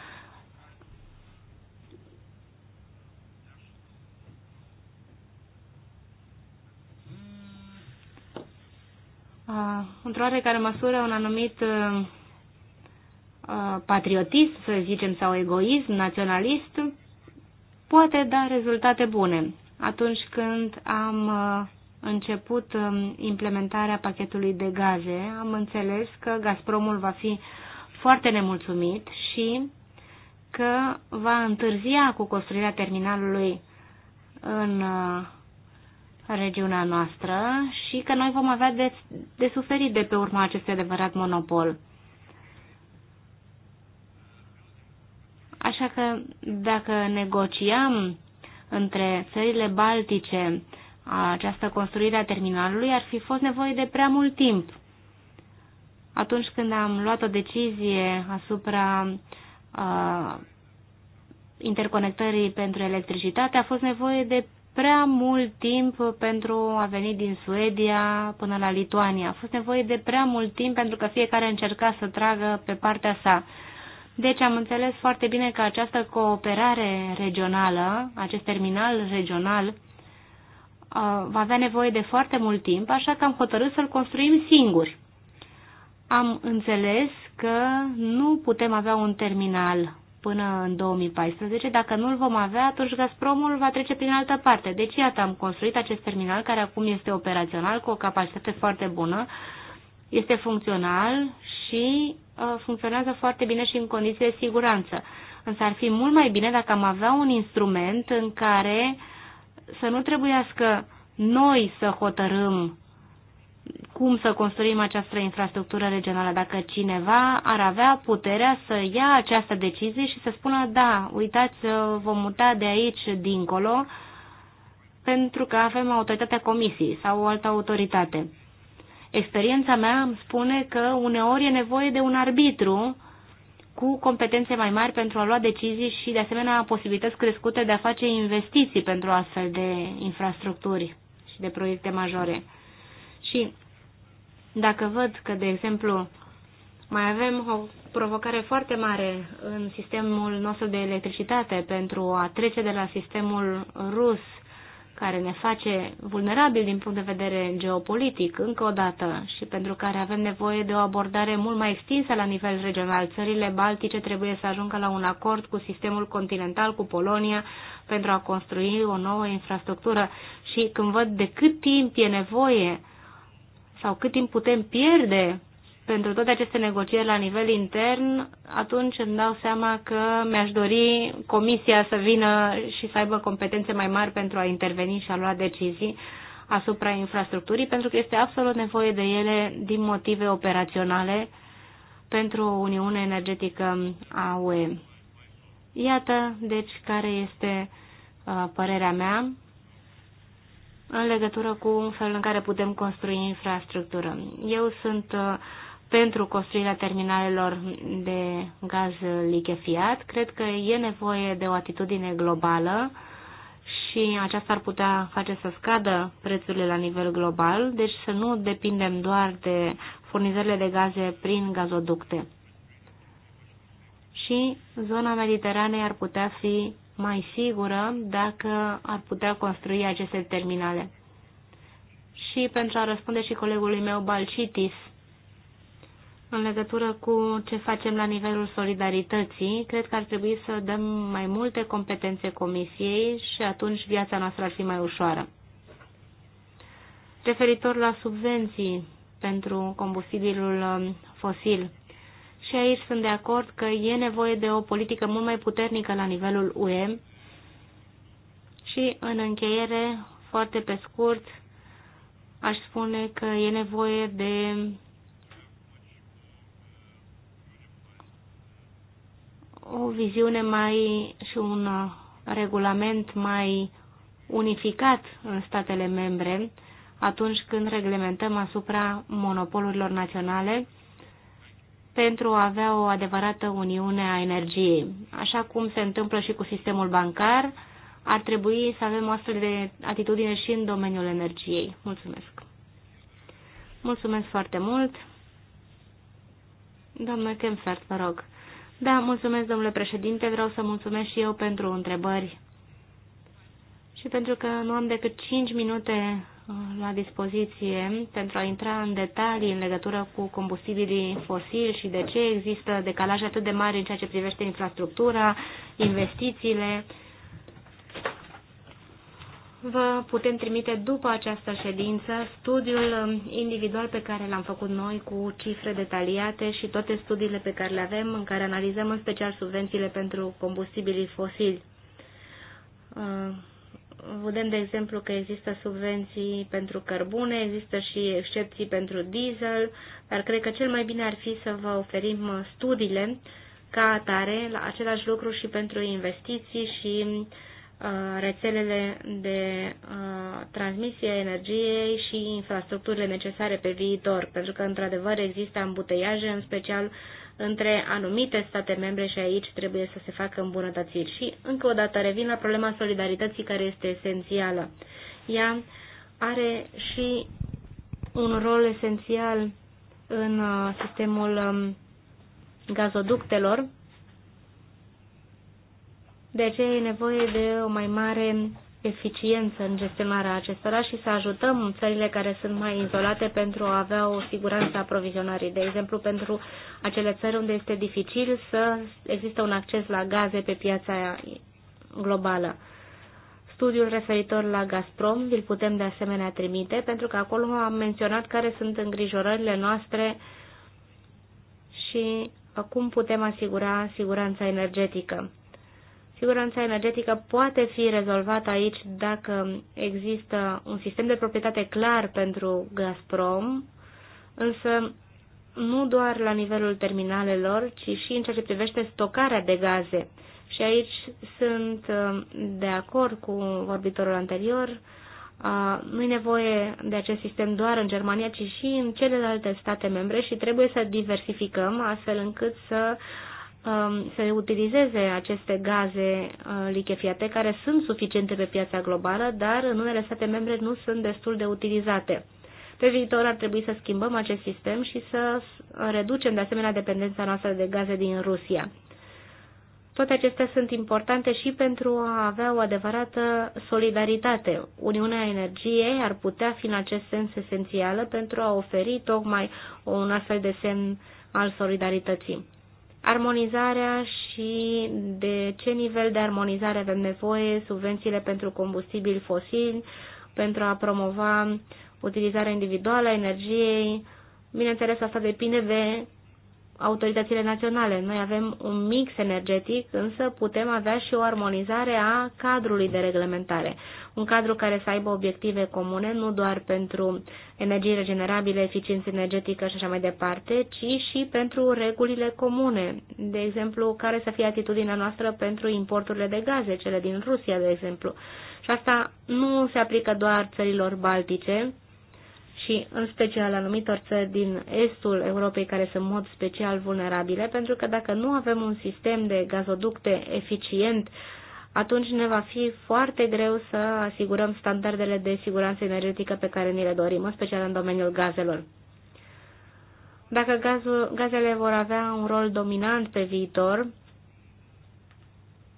S4: într-o oarecare măsură, un anumit uh, patriotism, să zicem, sau egoism naționalist, poate da rezultate bune. Atunci când am uh, început um, implementarea pachetului de gaze, am înțeles că Gazpromul va fi foarte nemulțumit și că va întârzia cu construirea terminalului în uh, regiunea noastră și că noi vom avea de, de suferit de pe urma acestui adevărat monopol. Așa că dacă negociam între țările baltice această construire a terminalului, ar fi fost nevoie de prea mult timp. Atunci când am luat o decizie asupra uh, interconectării pentru electricitate, a fost nevoie de prea mult timp pentru a veni din Suedia până la Lituania. A fost nevoie de prea mult timp pentru că fiecare încerca să tragă pe partea sa. Deci am înțeles foarte bine că această cooperare regională, acest terminal regional, uh, va avea nevoie de foarte mult timp, așa că am hotărât să-l construim singuri. Am înțeles că nu putem avea un terminal până în 2014. Dacă nu-l vom avea, atunci Gazpromul va trece prin altă parte. Deci, iată, am construit acest terminal care acum este operațional cu o capacitate foarte bună, este funcțional și uh, funcționează foarte bine și în condiții de siguranță. Însă ar fi mult mai bine dacă am avea un instrument în care să nu trebuiască noi să hotărâm cum să construim această infrastructură regională, dacă cineva ar avea puterea să ia această decizie și să spună, da, uitați, vom muta de aici dincolo, pentru că avem autoritatea comisiei sau o altă autoritate. Experiența mea îmi spune că uneori e nevoie de un arbitru cu competențe mai mari pentru a lua decizii și, de asemenea, posibilități crescute de a face investiții pentru astfel de infrastructuri și de proiecte majore. Și dacă văd că, de exemplu, mai avem o provocare foarte mare în sistemul nostru de electricitate pentru a trece de la sistemul rus, care ne face vulnerabil din punct de vedere geopolitic, încă o dată, și pentru care avem nevoie de o abordare mult mai extinsă la nivel regional. Țările baltice trebuie să ajungă la un acord cu sistemul continental, cu Polonia, pentru a construi o nouă infrastructură. Și când văd de cât timp e nevoie sau cât timp putem pierde pentru toate aceste negocieri la nivel intern, atunci îmi dau seama că mi-aș dori comisia să vină și să aibă competențe mai mari pentru a interveni și a lua decizii asupra infrastructurii, pentru că este absolut nevoie de ele din motive operaționale pentru o Uniune Energetică a UE. Iată, deci, care este uh, părerea mea în legătură cu felul în care putem construi infrastructură. Eu sunt uh, pentru construirea terminalelor de gaz lichefiat. Cred că e nevoie de o atitudine globală și aceasta ar putea face să scadă prețurile la nivel global, deci să nu depindem doar de furnizările de gaze prin gazoducte. Și zona Mediteranei ar putea fi mai sigură dacă ar putea construi aceste terminale. Și pentru a răspunde și colegului meu Balcitis, în legătură cu ce facem la nivelul solidarității, cred că ar trebui să dăm mai multe competențe comisiei și atunci viața noastră ar fi mai ușoară. Referitor la subvenții pentru combustibilul fosil, și aici sunt de acord că e nevoie de o politică mult mai puternică la nivelul UE. Și în încheiere, foarte pe scurt, aș spune că e nevoie de o viziune mai și un regulament mai unificat în statele membre atunci când reglementăm asupra monopolurilor naționale pentru a avea o adevărată uniune a energiei. Așa cum se întâmplă și cu sistemul bancar, ar trebui să avem o astfel de atitudine și în domeniul energiei. Mulțumesc! Mulțumesc foarte mult! Doamna Kemfert, vă rog. Da, mulțumesc, domnule președinte. Vreau să mulțumesc și eu pentru întrebări și pentru că nu am decât 5 minute la dispoziție pentru a intra în detalii în legătură cu combustibilii fosili și de ce există decalaje atât de mari în ceea ce privește infrastructura, investițiile. Vă putem trimite după această ședință studiul individual pe care l-am făcut noi cu cifre detaliate și toate studiile pe care le avem în care analizăm în special subvențiile pentru combustibilii fosili uh, vedem, de exemplu, că există subvenții pentru cărbune, există și excepții pentru diesel, dar cred că cel mai bine ar fi să vă oferim studiile ca atare, la același lucru și pentru investiții și uh, rețelele de uh, transmisie a energiei și infrastructurile necesare pe viitor, pentru că, într-adevăr, există ambuteiaje, în special uh, între anumite state membre și aici trebuie să se facă îmbunătățiri. Și încă o dată revin la problema solidarității care este esențială. Ea are și un rol esențial în uh, sistemul um, gazoductelor. De aceea e nevoie de o mai mare eficiență în gestionarea acestora și să ajutăm țările care sunt mai izolate pentru a avea o siguranță a aprovizionării. De exemplu, pentru acele țări unde este dificil să există un acces la gaze pe piața globală. Studiul referitor la Gazprom îl putem de asemenea trimite, pentru că acolo am menționat care sunt îngrijorările noastre și cum putem asigura siguranța energetică. Siguranța energetică poate fi rezolvată aici dacă există un sistem de proprietate clar pentru Gazprom, însă nu doar la nivelul terminalelor, ci și în ceea ce privește stocarea de gaze. Și aici sunt uh, de acord cu vorbitorul anterior. Uh, nu e nevoie de acest sistem doar în Germania, ci și în celelalte state membre și trebuie să diversificăm astfel încât să uh, Um, se utilizeze aceste gaze uh, lichefiate, care sunt suficiente pe piața globală, dar în unele state membre nu sunt destul de utilizate. Pe viitor ar trebui să schimbăm acest sistem și să reducem de asemenea dependența noastră de gaze din Rusia. Toate acestea sunt importante și pentru a avea o adevărată solidaritate. Uniunea Energiei ar putea fi în acest sens esențială pentru a oferi tocmai un astfel de semn al solidarității armonizarea și de ce nivel de armonizare avem nevoie, subvențiile pentru combustibili fosili, pentru a promova utilizarea individuală a energiei. Bineînțeles, asta depinde de autoritățile naționale. Noi avem un mix energetic, însă putem avea și o armonizare a cadrului de reglementare un cadru care să aibă obiective comune, nu doar pentru energii regenerabile, eficiență energetică și așa mai departe, ci și pentru regulile comune. De exemplu, care să fie atitudinea noastră pentru importurile de gaze, cele din Rusia, de exemplu. Și asta nu se aplică doar țărilor baltice, și în special anumitor țări din estul Europei care sunt în mod special vulnerabile, pentru că dacă nu avem un sistem de gazoducte eficient atunci ne va fi foarte greu să asigurăm standardele de siguranță energetică pe care ni le dorim, în special în domeniul gazelor. Dacă gazul, gazele vor avea un rol dominant pe viitor,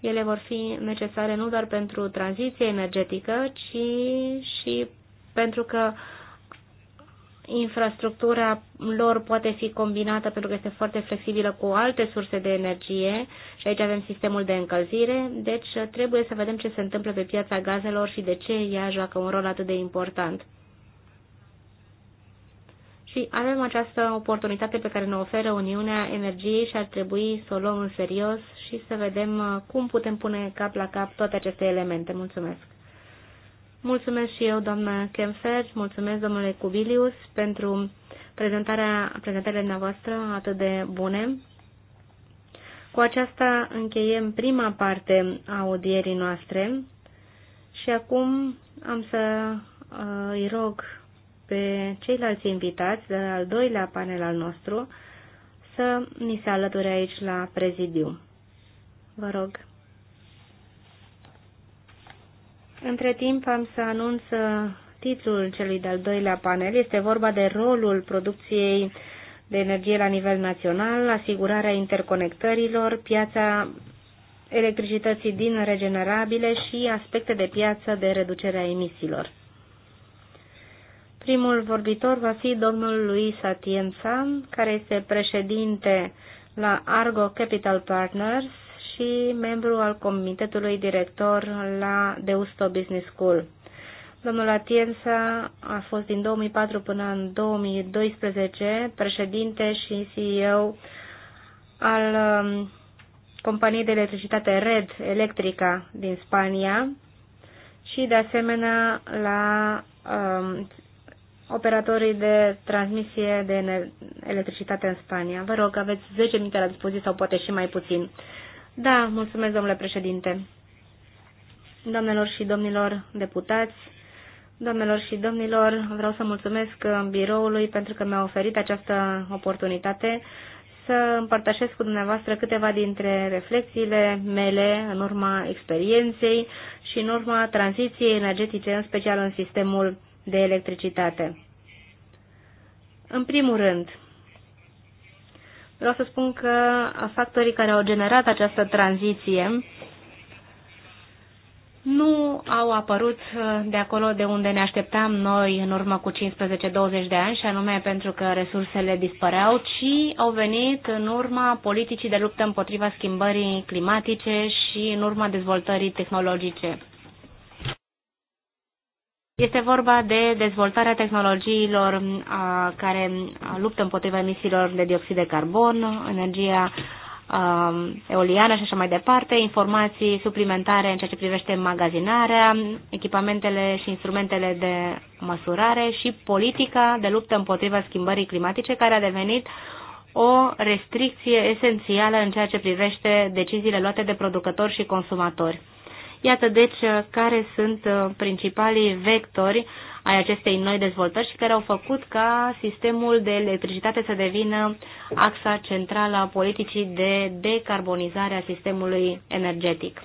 S4: ele vor fi necesare nu doar pentru tranziție energetică, ci și pentru că uh, infrastructura lor poate fi combinată pentru că este foarte flexibilă cu alte surse de energie și aici avem sistemul de încălzire, deci trebuie să vedem ce se întâmplă pe piața gazelor și de ce ea joacă un rol atât de important. Și avem această oportunitate pe care ne oferă Uniunea Energiei și ar trebui să o luăm în serios și să vedem uh, cum putem pune cap la cap toate aceste elemente. Mulțumesc! Mulțumesc și eu, doamna Kemfer, mulțumesc domnule Cubilius pentru prezentarea, prezentarea noastre atât de bune. Cu aceasta încheiem prima parte a audierii noastre și acum am să uh, îi rog pe ceilalți invitați de al doilea panel al nostru să ni se alăture aici la prezidiu. Vă rog. Între timp am să anunț uh, titlul celui de-al doilea panel. Este vorba de rolul producției de energie la nivel național, asigurarea interconectărilor, piața electricității din regenerabile și aspecte de piață de reducere a emisiilor. Primul vorbitor va fi domnul Luis Atienza, care este președinte la Argo Capital Partners, și membru al comitetului director la Deusto Business School. Domnul Atienza a fost din 2004 până în 2012 președinte și CEO al um, companiei de electricitate Red Electrica din Spania și de asemenea la um, operatorii de transmisie de electricitate în Spania. Vă rog, aveți 10 minute la dispoziție sau poate și mai puțin. Da, mulțumesc, domnule președinte. Doamnelor și domnilor deputați, Doamnelor și domnilor, vreau să mulțumesc biroului pentru că mi-a oferit această oportunitate să împărtășesc cu dumneavoastră câteva dintre reflexiile mele în urma experienței și în urma tranziției energetice, în special în sistemul de electricitate. În primul rând, Vreau să spun că factorii care au generat această tranziție nu au apărut uh, de acolo de unde ne așteptam noi în urmă cu 15-20 de ani, și anume pentru că resursele dispăreau, ci au venit în urma politicii de luptă împotriva schimbării climatice și în urma dezvoltării tehnologice. Este vorba de dezvoltarea tehnologiilor uh, care luptă împotriva emisiilor de dioxid de carbon, energia uh, eoliană și așa mai departe, informații suplimentare în ceea ce privește magazinarea, echipamentele și instrumentele de măsurare și politica de luptă împotriva schimbării climatice care a devenit o restricție esențială în ceea ce privește deciziile luate de producători și consumatori. Iată deci care sunt uh, principalii vectori ai acestei noi dezvoltări și care au făcut ca sistemul de electricitate să devină axa centrală a politicii de decarbonizare a sistemului energetic.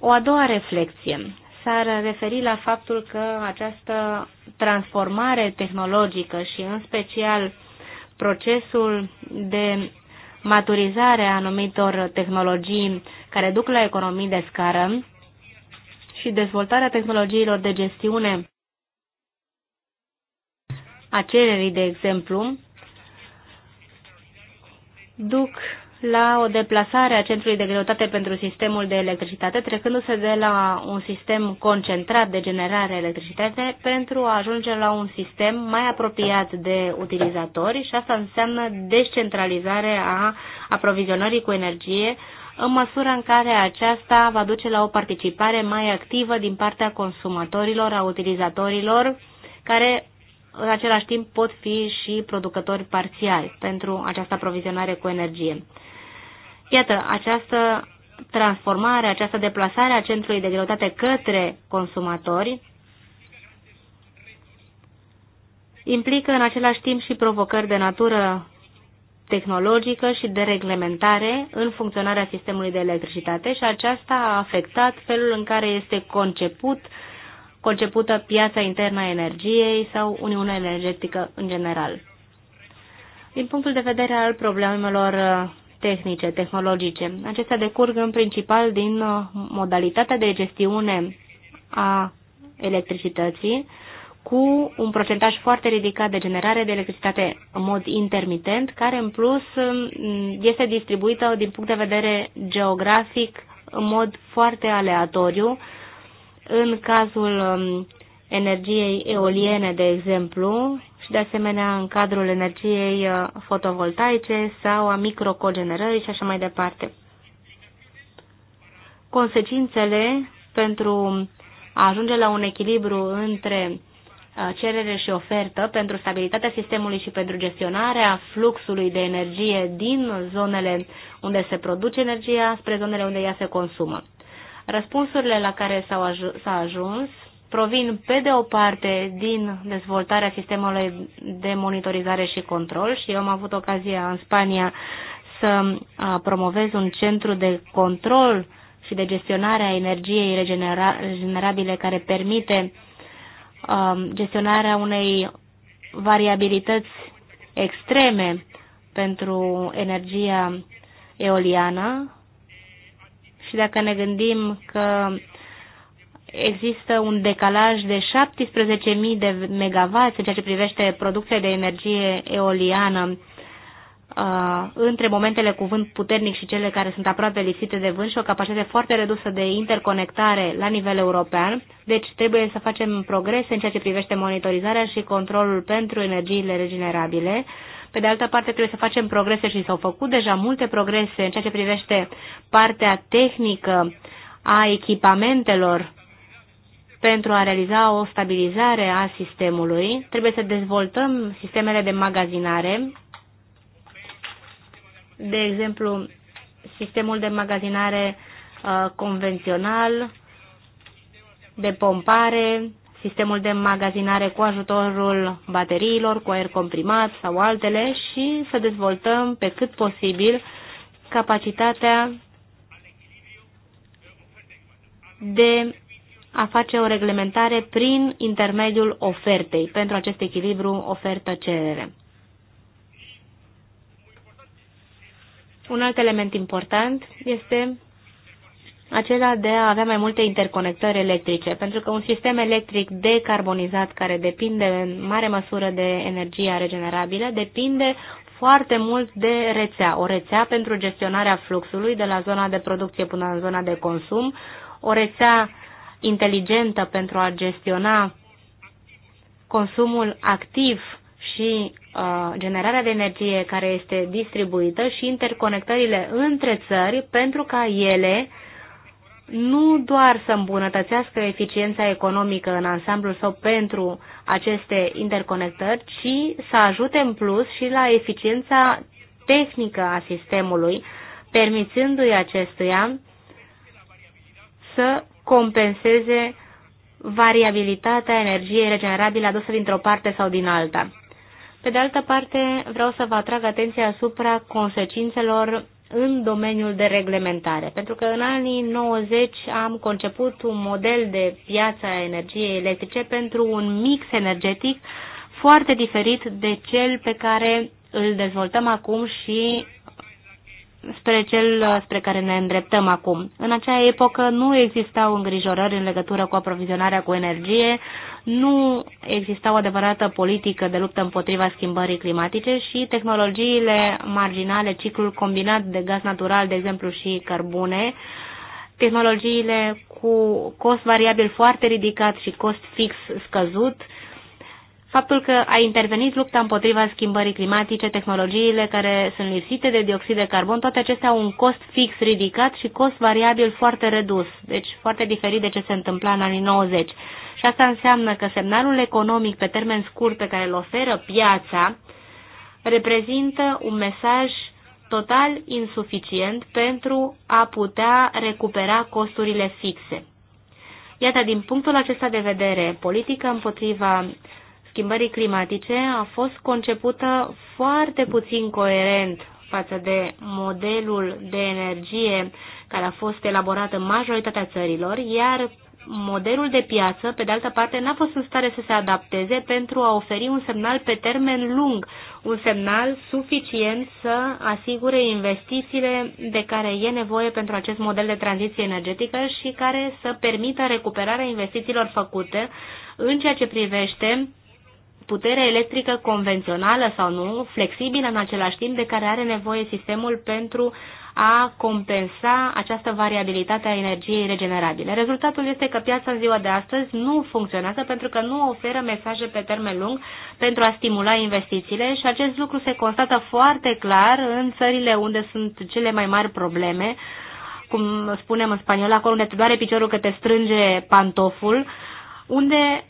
S4: O a doua reflexie s-ar referi la faptul că această transformare tehnologică și în special procesul de maturizare a anumitor tehnologii care duc la economii de scară și dezvoltarea tehnologiilor de gestiune a cererii, de exemplu, duc la o deplasare a centrului de greutate pentru sistemul de electricitate, trecându-se de la un sistem concentrat de generare electricitate pentru a ajunge la un sistem mai apropiat de utilizatori și asta înseamnă descentralizare a aprovizionării cu energie în măsura în care aceasta va duce la o participare mai activă din partea consumatorilor, a utilizatorilor, care în același timp pot fi și producători parțiali pentru această aprovizionare cu energie. Iată, această transformare, această deplasare a centrului de greutate către consumatori implică în același timp și provocări de natură tehnologică și de reglementare în funcționarea sistemului de electricitate și aceasta a afectat felul în care este conceput, concepută piața internă a energiei sau Uniunea Energetică în general. Din punctul de vedere al problemelor uh, tehnice, tehnologice, acestea decurg în principal din uh, modalitatea de gestiune a electricității, cu un procentaj foarte ridicat de generare de electricitate în mod intermitent, care în plus um, este distribuită din punct de vedere geografic în mod foarte aleatoriu. În cazul um, energiei eoliene, de exemplu, și de asemenea în cadrul energiei uh, fotovoltaice sau a microcogenerării și așa mai departe. Consecințele pentru a ajunge la un echilibru între Uh, cerere și ofertă pentru stabilitatea sistemului și pentru gestionarea fluxului de energie din zonele unde se produce energia spre zonele unde ea se consumă. Răspunsurile la care s-a ajuns provin pe de o parte din dezvoltarea sistemului de monitorizare și control și eu am avut ocazia în Spania să uh, promovez un centru de control și de gestionare a energiei regenerabile care permite uh, Um, gestionarea unei variabilități extreme pentru energia eoliană și dacă ne gândim că există un decalaj de 17.000 de megawați în ceea ce privește producția de energie eoliană Uh, între momentele cu vânt puternic și cele care sunt aproape lipsite de vânt și o capacitate foarte redusă de interconectare la nivel european. Deci trebuie să facem progrese în ceea ce privește monitorizarea și controlul pentru energiile regenerabile. Pe de altă parte, trebuie să facem progrese și s-au făcut deja multe progrese în ceea ce privește partea tehnică a echipamentelor pentru a realiza o stabilizare a sistemului, trebuie să dezvoltăm sistemele de magazinare de exemplu, sistemul de magazinare uh, convențional, de pompare, sistemul de magazinare cu ajutorul bateriilor, cu aer comprimat sau altele și să dezvoltăm pe cât posibil capacitatea de a face o reglementare prin intermediul ofertei pentru acest echilibru ofertă-cerere. Un alt element important este acela de a avea mai multe interconectări electrice, pentru că un sistem electric decarbonizat care depinde în mare măsură de energia regenerabilă depinde foarte mult de rețea, o rețea pentru gestionarea fluxului de la zona de producție până în zona de consum, o rețea inteligentă pentru a gestiona consumul activ și Uh, generarea de energie care este distribuită și interconectările între țări pentru ca ele nu doar să îmbunătățească eficiența economică în ansamblul sau pentru aceste interconectări, ci să ajute în plus și la eficiența tehnică a sistemului, permițându-i acestuia să compenseze variabilitatea energiei regenerabile adusă dintr-o parte sau din alta. Pe de altă parte, vreau să vă atrag atenția asupra consecințelor în domeniul de reglementare, pentru că în anii 90 am conceput un model de piață a energiei electrice pentru un mix energetic foarte diferit de cel pe care îl dezvoltăm acum și spre cel uh, spre care ne îndreptăm acum. În acea epocă nu existau îngrijorări în legătură cu aprovizionarea cu energie, nu exista o adevărată politică de luptă împotriva schimbării climatice și tehnologiile marginale, ciclul combinat de gaz natural, de exemplu, și cărbune, tehnologiile cu cost variabil foarte ridicat și cost fix scăzut, uh, faptul că a intervenit lupta împotriva schimbării climatice, tehnologiile care sunt lipsite de dioxid de carbon, toate acestea au un cost fix ridicat și cost variabil foarte redus, deci foarte diferit de ce se întâmpla în anii 90. Și asta înseamnă că semnalul economic pe termen scurt pe care îl oferă piața reprezintă un mesaj total insuficient pentru a putea recupera costurile fixe. Iată, din punctul acesta de vedere, politica împotriva schimbării climatice a fost concepută foarte puțin coerent față de modelul de energie care a fost elaborat în majoritatea țărilor, iar modelul de piață, pe de altă parte, n-a fost în stare să se adapteze pentru a oferi un semnal pe termen lung, un semnal suficient să asigure investițiile de care e nevoie pentru acest model de tranziție energetică și care să permită recuperarea investițiilor făcute în ceea ce privește putere electrică convențională sau nu, flexibilă în același timp, de care are nevoie sistemul pentru a compensa această variabilitate a energiei regenerabile. Rezultatul este că piața în ziua de astăzi nu funcționează pentru că nu oferă mesaje pe termen lung pentru a stimula investițiile și acest lucru se constată foarte clar în țările unde sunt cele mai mari probleme, cum spunem în spaniolă, acolo unde te doare piciorul că te strânge pantoful, unde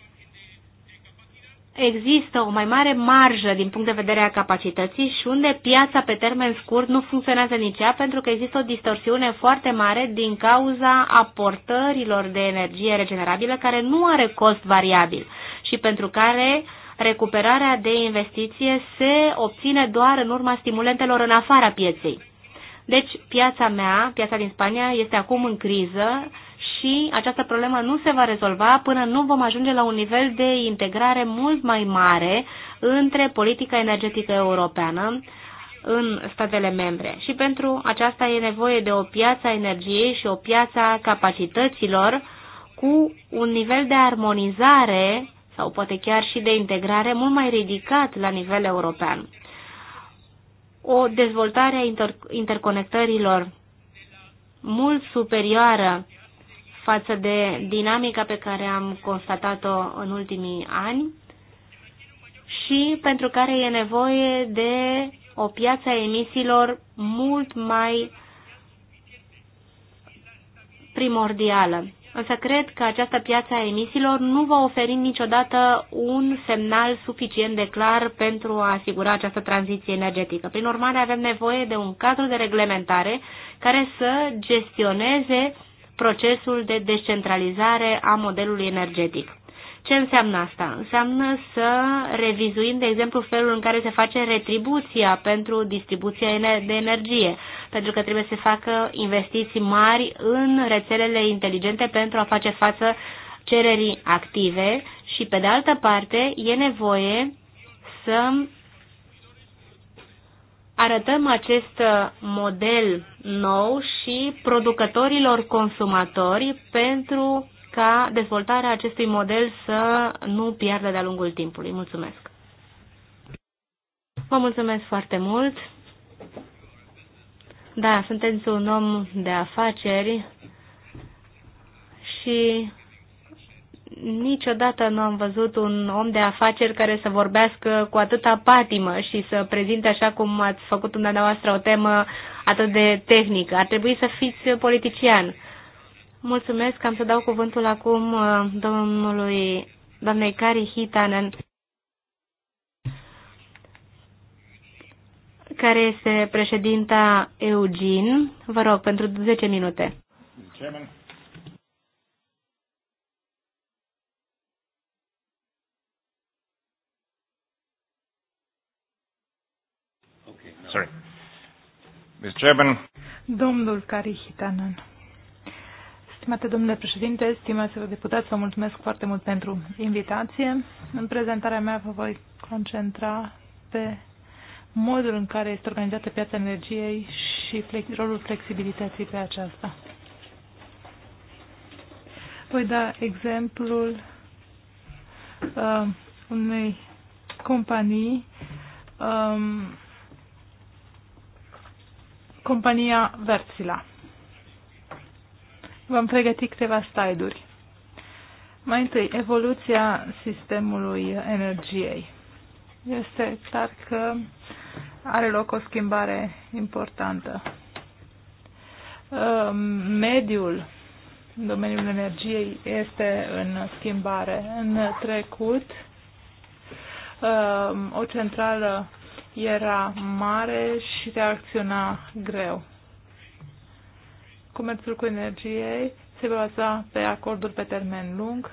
S4: există o mai mare marjă din punct de vedere a capacității și unde piața pe termen scurt nu funcționează nici ea pentru că există o distorsiune foarte mare din cauza aportărilor de energie regenerabilă care nu are cost variabil și pentru care recuperarea de investiție se obține doar în urma stimulentelor în afara pieței. Deci piața mea, piața din Spania, este acum în criză și această problemă nu se va rezolva până nu vom ajunge la un nivel de integrare mult mai mare între politica energetică europeană în statele membre. Și pentru aceasta e nevoie de o piață a energiei și o piață a capacităților cu un nivel de armonizare sau poate chiar și de integrare mult mai ridicat la nivel european. O dezvoltare a inter interconectărilor mult superioară față de dinamica pe care am constatat-o în ultimii ani și pentru care e nevoie de o piață a emisiilor mult mai primordială. Însă cred că această piață a emisiilor nu va oferi niciodată un semnal suficient de clar pentru a asigura această tranziție energetică. Prin urmare, avem nevoie de un cadru de reglementare care să gestioneze procesul de descentralizare a modelului energetic. Ce înseamnă asta? Înseamnă să revizuim, de exemplu, felul în care se face retribuția pentru distribuția de energie, pentru că trebuie să facă investiții mari în rețelele inteligente pentru a face față cererii active și, pe de altă parte, e nevoie să arătăm acest uh, model nou și producătorilor consumatori pentru ca dezvoltarea acestui model să nu piardă de-a lungul timpului. Mulțumesc! Vă mulțumesc foarte mult! Da, sunteți un om de afaceri și niciodată nu am văzut un om de afaceri care să vorbească cu atâta patimă și să prezinte așa cum ați făcut dumneavoastră o temă atât de tehnică. Ar trebui să fiți politician. Mulțumesc, am să dau cuvântul acum uh, domnului, doamnei Cari Hitanen, care este președinta Eugin. Vă rog, pentru 10 minute.
S1: Chairman. sorry. Mr. Chairman.
S2: Domnul Karihitanan. Stimate domnule președinte, stimați deputați, vă mulțumesc foarte mult pentru invitație. În prezentarea mea vă voi concentra pe modul în care este organizată piața energiei și rolul flexibilității pe aceasta. Voi da exemplul uh, unei companii um, compania Versila Vom pregăti câteva slide-uri. Mai întâi, evoluția sistemului energiei. Este clar că are loc o schimbare importantă. Ehm, mediul în domeniul energiei este în schimbare. În trecut, ehm, o centrală era mare și reacționa greu. Comerțul cu energie se baza pe acorduri pe termen lung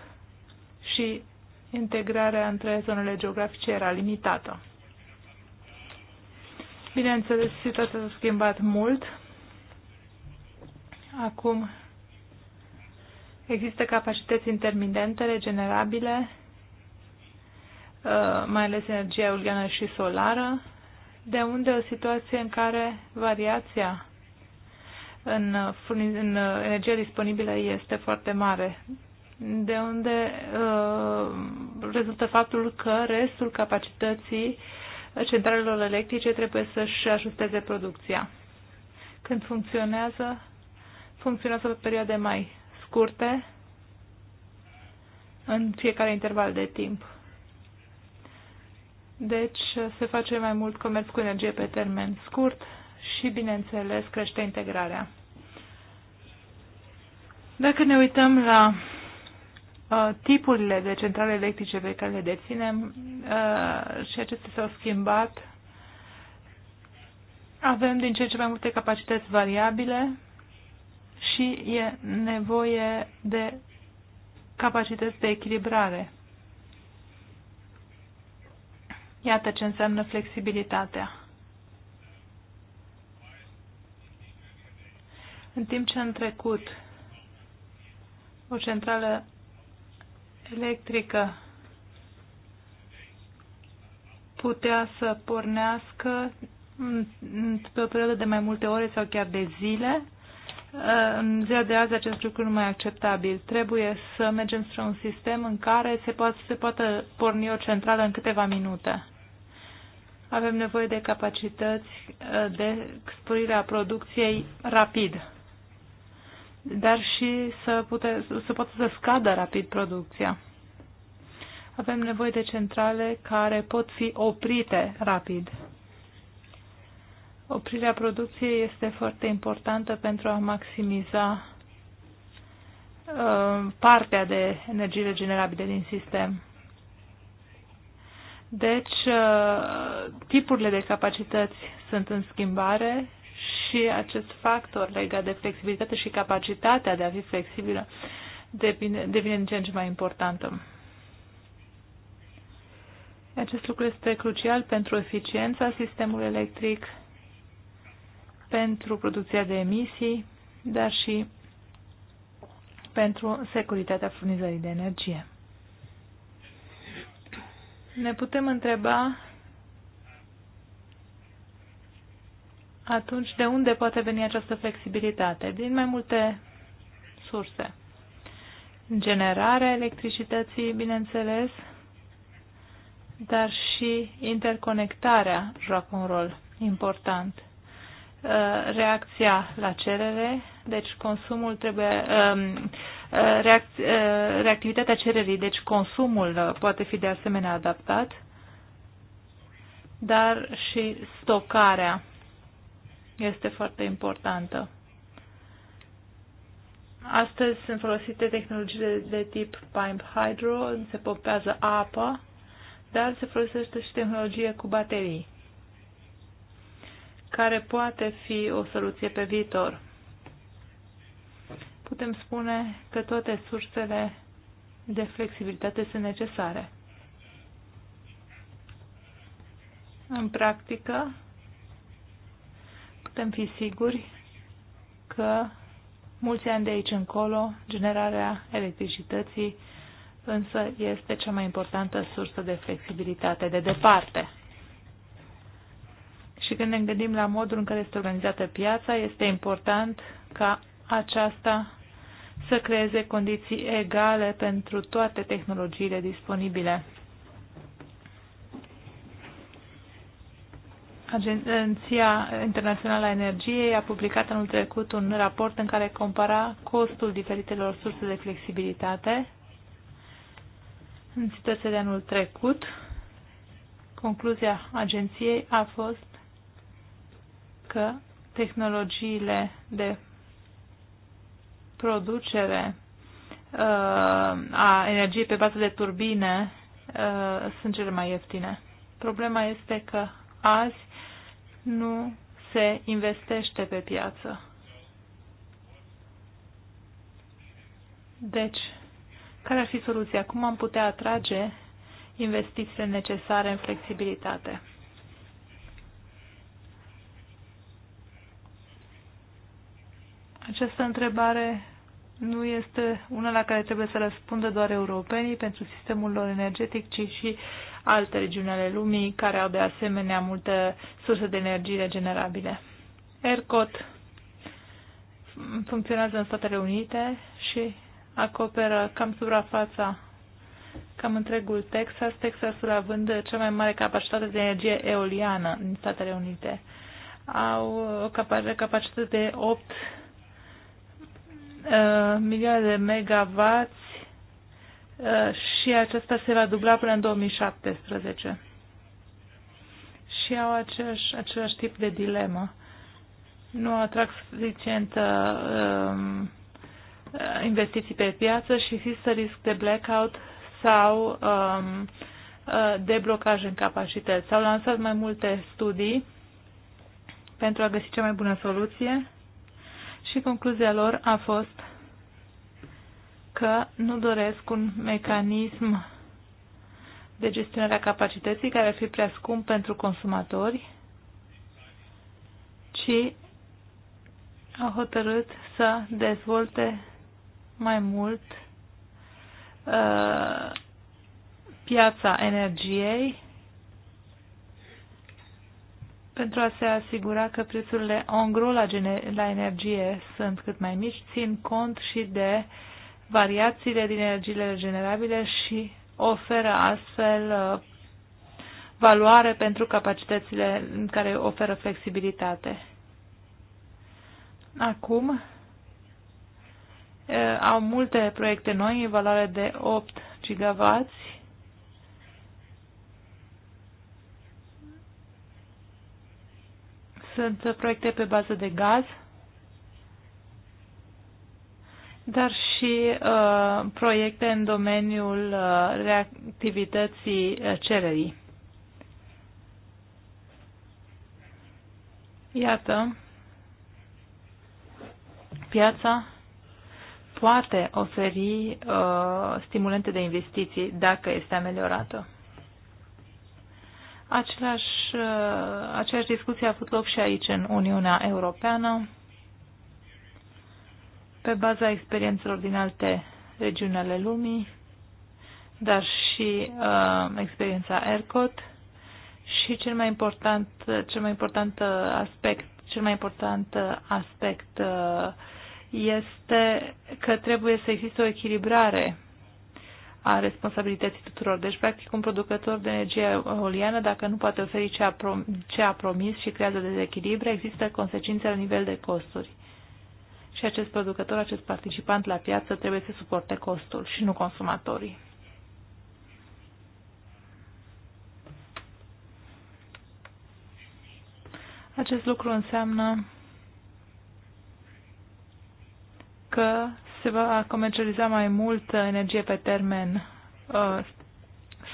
S2: și integrarea între zonele geografice era limitată. Bineînțeles, situația s-a schimbat mult. Acum există capacități intermitente, regenerabile, uh, mai ales energia eoliană și solară de unde o situație în care variația în, în uh, energia disponibilă este foarte mare, de unde uh, rezultă faptul că restul capacității centralelor electrice trebuie să-și ajusteze producția. Când funcționează, funcționează pe perioade mai scurte, în fiecare interval de timp. Deci se face mai mult comerț cu energie pe termen scurt și, bineînțeles, crește integrarea. Dacă ne uităm la uh, tipurile de centrale electrice pe care le deținem uh, și acestea s-au schimbat, avem din ce în ce mai multe capacități variabile și e nevoie de capacități de echilibrare. Iată ce înseamnă flexibilitatea. În timp ce în trecut o centrală electrică putea să pornească pe o perioadă de mai multe ore sau chiar de zile, în ziua de azi acest lucru nu mai acceptabil. Trebuie să mergem spre un sistem în care se poate, se poate porni o centrală în câteva minute. Avem nevoie de capacități uh, de sporire a producției rapid, dar și să, pute, să poată să scadă rapid producția. Avem nevoie de centrale care pot fi oprite rapid Oprirea producției este foarte importantă pentru a maximiza uh, partea de energie regenerabile din sistem. Deci, uh, tipurile de capacități sunt în schimbare și acest factor legat de flexibilitate și capacitatea de a fi flexibilă devine, devine din ce în ce mai importantă. Acest lucru este crucial pentru eficiența sistemului electric, pentru producția de emisii, dar și pentru securitatea furnizării de energie. Ne putem întreba atunci de unde poate veni această flexibilitate? Din mai multe surse. Generarea electricității, bineînțeles, dar și interconectarea joacă un rol important. Uh, reacția la cerere, deci consumul trebuie, um, uh, uh, reactivitatea cererii, deci consumul poate fi de asemenea adaptat, dar și stocarea este foarte importantă. Astăzi sunt folosite tehnologii de tip pipe hydro, se pompează apă, dar se folosește și tehnologie cu baterii care poate fi o soluție pe viitor. Putem spune că toate sursele de flexibilitate sunt necesare. În practică, putem fi siguri că mulți ani de aici încolo, generarea electricității însă este cea mai importantă sursă de flexibilitate de departe. Și când ne gândim la modul în care este organizată piața, este important ca aceasta să creeze condiții egale pentru toate tehnologiile disponibile. Agenția Internațională a Energiei a publicat anul trecut un raport în care compara costul diferitelor surse de flexibilitate în situația de anul trecut. Concluzia agenției a fost că tehnologiile de producere uh, a energiei pe bază de turbine uh, sunt cele mai ieftine. Problema este că azi nu se investește pe piață. Deci, care ar fi soluția? Cum am putea atrage investițiile necesare în flexibilitate? Această întrebare nu este una la care trebuie să răspundă doar europenii pentru sistemul lor energetic, ci și alte regiuni ale lumii care au de asemenea multe surse de energie regenerabile. ERCOT funcționează în Statele Unite și acoperă cam suprafața, cam întregul Texas, Texasul având cea mai mare capacitate de energie eoliană în Statele Unite. Au o capacitate de 8 Uh, milioane de megawatts uh, și acesta se va dubla până în 2017. Și au aceeași, același tip de dilemă. Nu atrag suficient uh, um, investiții pe piață și există risc de blackout sau um, de blocaj în capacități. S-au lansat mai multe studii pentru a găsi cea mai bună soluție și concluzia lor a fost că nu doresc un mecanism de gestionare a capacității care ar fi prea scump pentru consumatori, ci au hotărât să dezvolte mai mult uh, piața energiei pentru a se asigura că prețurile gros la, la energie sunt cât mai mici, țin cont și de variațiile din energiile regenerabile și oferă astfel uh, valoare pentru capacitățile în care oferă flexibilitate. Acum uh, au multe proiecte noi valoare de 8 gigawați Sunt proiecte pe bază de gaz, dar și uh, proiecte în domeniul uh, reactivității uh, cererii. Iată, piața poate oferi uh, stimulente de investiții dacă este ameliorată. Același, uh, aceeași discuție a avut loc și aici, în Uniunea Europeană, pe baza experiențelor din alte regiuni ale lumii, dar și uh, experiența ERCOT și cel mai important, cel mai important aspect, cel mai important aspect uh, este că trebuie să existe o echilibrare a responsabilității tuturor. Deci, practic, un producător de energie eoliană, dacă nu poate oferi ce a, prom- ce a promis și creează dezechilibre, există consecințe la nivel de costuri. Și acest producător, acest participant la piață trebuie să suporte costul și nu consumatorii. Acest lucru înseamnă că se va comercializa mai mult energie pe termen uh,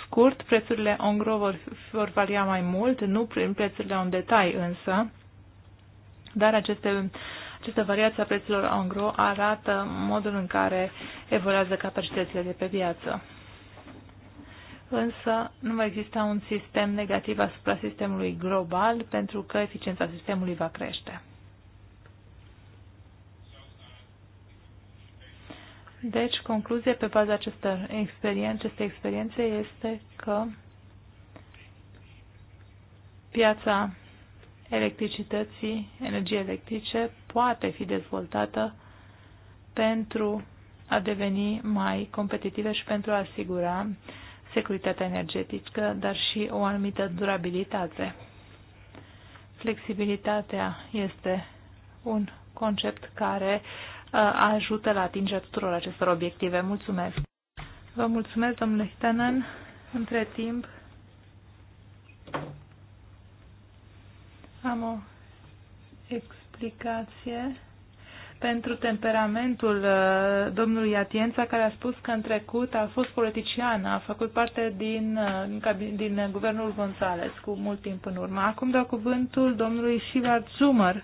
S2: scurt, prețurile ongro vor, vor varia mai mult, nu prin prețurile în detai însă, dar aceste, această variație a prețurilor ongro arată modul în care evoluează capacitățile de pe piață. Însă nu va exista un sistem negativ asupra sistemului global pentru că eficiența sistemului va crește. Deci, concluzia pe baza acestor experiențe, aceste experiențe este că piața electricității, energie electrice, poate fi dezvoltată pentru a deveni mai competitive și pentru a asigura securitatea energetică, dar și o anumită durabilitate. Flexibilitatea este un concept care uh, ajută la atingerea tuturor acestor obiective. Mulțumesc! Vă mulțumesc, domnule Hitanan. Între timp, am o explicație pentru temperamentul domnului Atiența, care a spus că în trecut a fost politician, a făcut parte din, din, din guvernul González cu mult timp în urmă. Acum dau cuvântul domnului Shivard Zumăr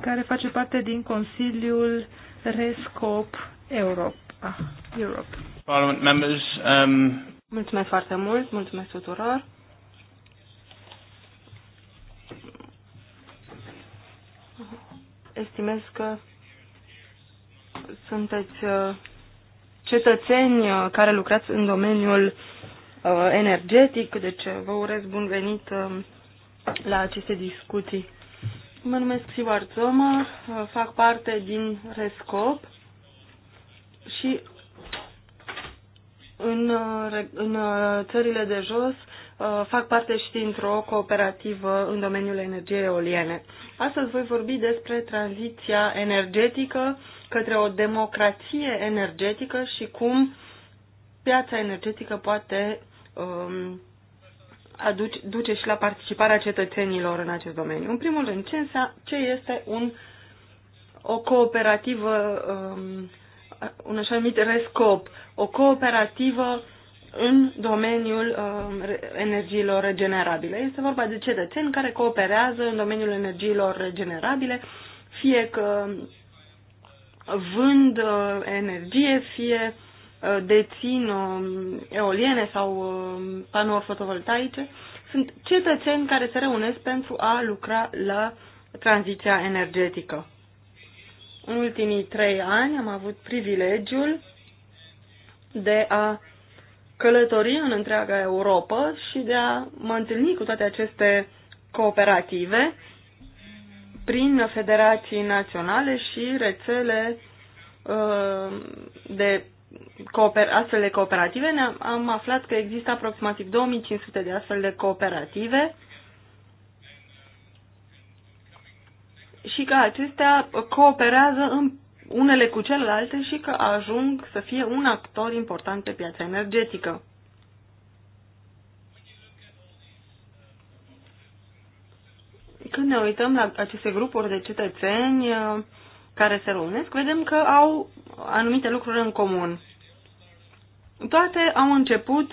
S3: care face parte din Consiliul Rescop Europa. Ah, Europe.
S1: Parliament members, um...
S3: Mulțumesc foarte mult, mulțumesc tuturor. Estimez că sunteți uh, cetățeni uh, care lucrați în domeniul uh, energetic, deci vă urez bun venit la aceste discuții. Mă numesc Sivar Zomer, fac parte din RESCOP și în, în țările de jos fac parte și dintr-o cooperativă în domeniul energiei eoliene. Astăzi voi vorbi despre tranziția energetică către o democrație energetică și cum piața energetică poate um, aduce, duce și la participarea cetățenilor în acest domeniu. În primul rând, ce, însă, ce este un, o cooperativă, um, un așa numit RESCOP, o cooperativă în domeniul um, energiilor regenerabile. Este vorba de cetățeni care cooperează în domeniul energiilor regenerabile, fie că vând uh, energie, fie uh, Uh, dețin um, eoliene sau um, panouri fotovoltaice, sunt cetățeni care se reunesc pentru a lucra la tranziția energetică. În ultimii trei ani am avut privilegiul de a călători în întreaga Europa și de a mă întâlni cu toate aceste cooperative prin federații naționale și rețele uh, de astfel de cooperative, ne am aflat că există aproximativ 2500 de astfel de cooperative și că acestea cooperează în unele cu celelalte și că ajung să fie un actor important pe piața energetică. Când ne uităm la aceste grupuri de cetățeni, care se reunesc, vedem că au anumite lucruri în comun. Toate au început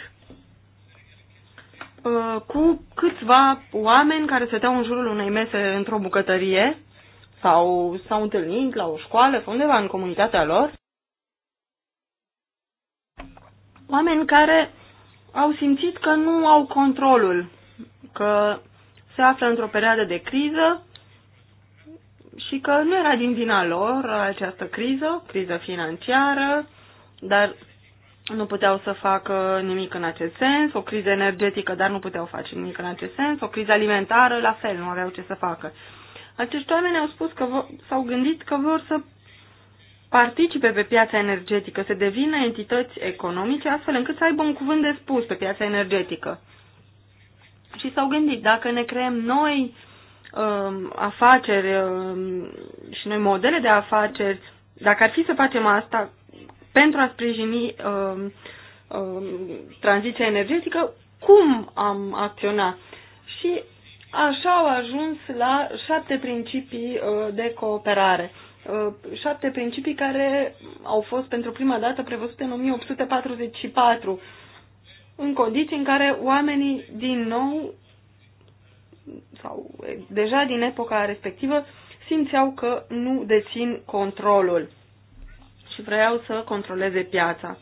S3: uh, cu câțiva oameni care stăteau în jurul unei mese într-o bucătărie sau s-au întâlnit la o școală sau undeva în comunitatea lor. Oameni care au simțit că nu au controlul, că se află într-o perioadă de criză și că nu era din vina lor această criză, criză financiară, dar nu puteau să facă nimic în acest sens, o criză energetică, dar nu puteau face nimic în acest sens, o criză alimentară, la fel, nu aveau ce să facă. Acești oameni au spus că s-au gândit că vor să participe pe piața energetică, să devină entități economice, astfel încât să aibă un cuvânt de spus pe piața energetică. Și s-au gândit, dacă ne creăm noi Um, afaceri um, și noi modele de afaceri, dacă ar fi să facem asta pentru a sprijini um, tranziția energetică, cum am acționat? Și așa au ajuns la șapte principii uh, de cooperare. Uh, șapte principii care au fost pentru prima dată prevăzute în 1844, în condiții în care oamenii din nou sau deja din epoca respectivă simțeau că nu dețin controlul și vreau să controleze piața.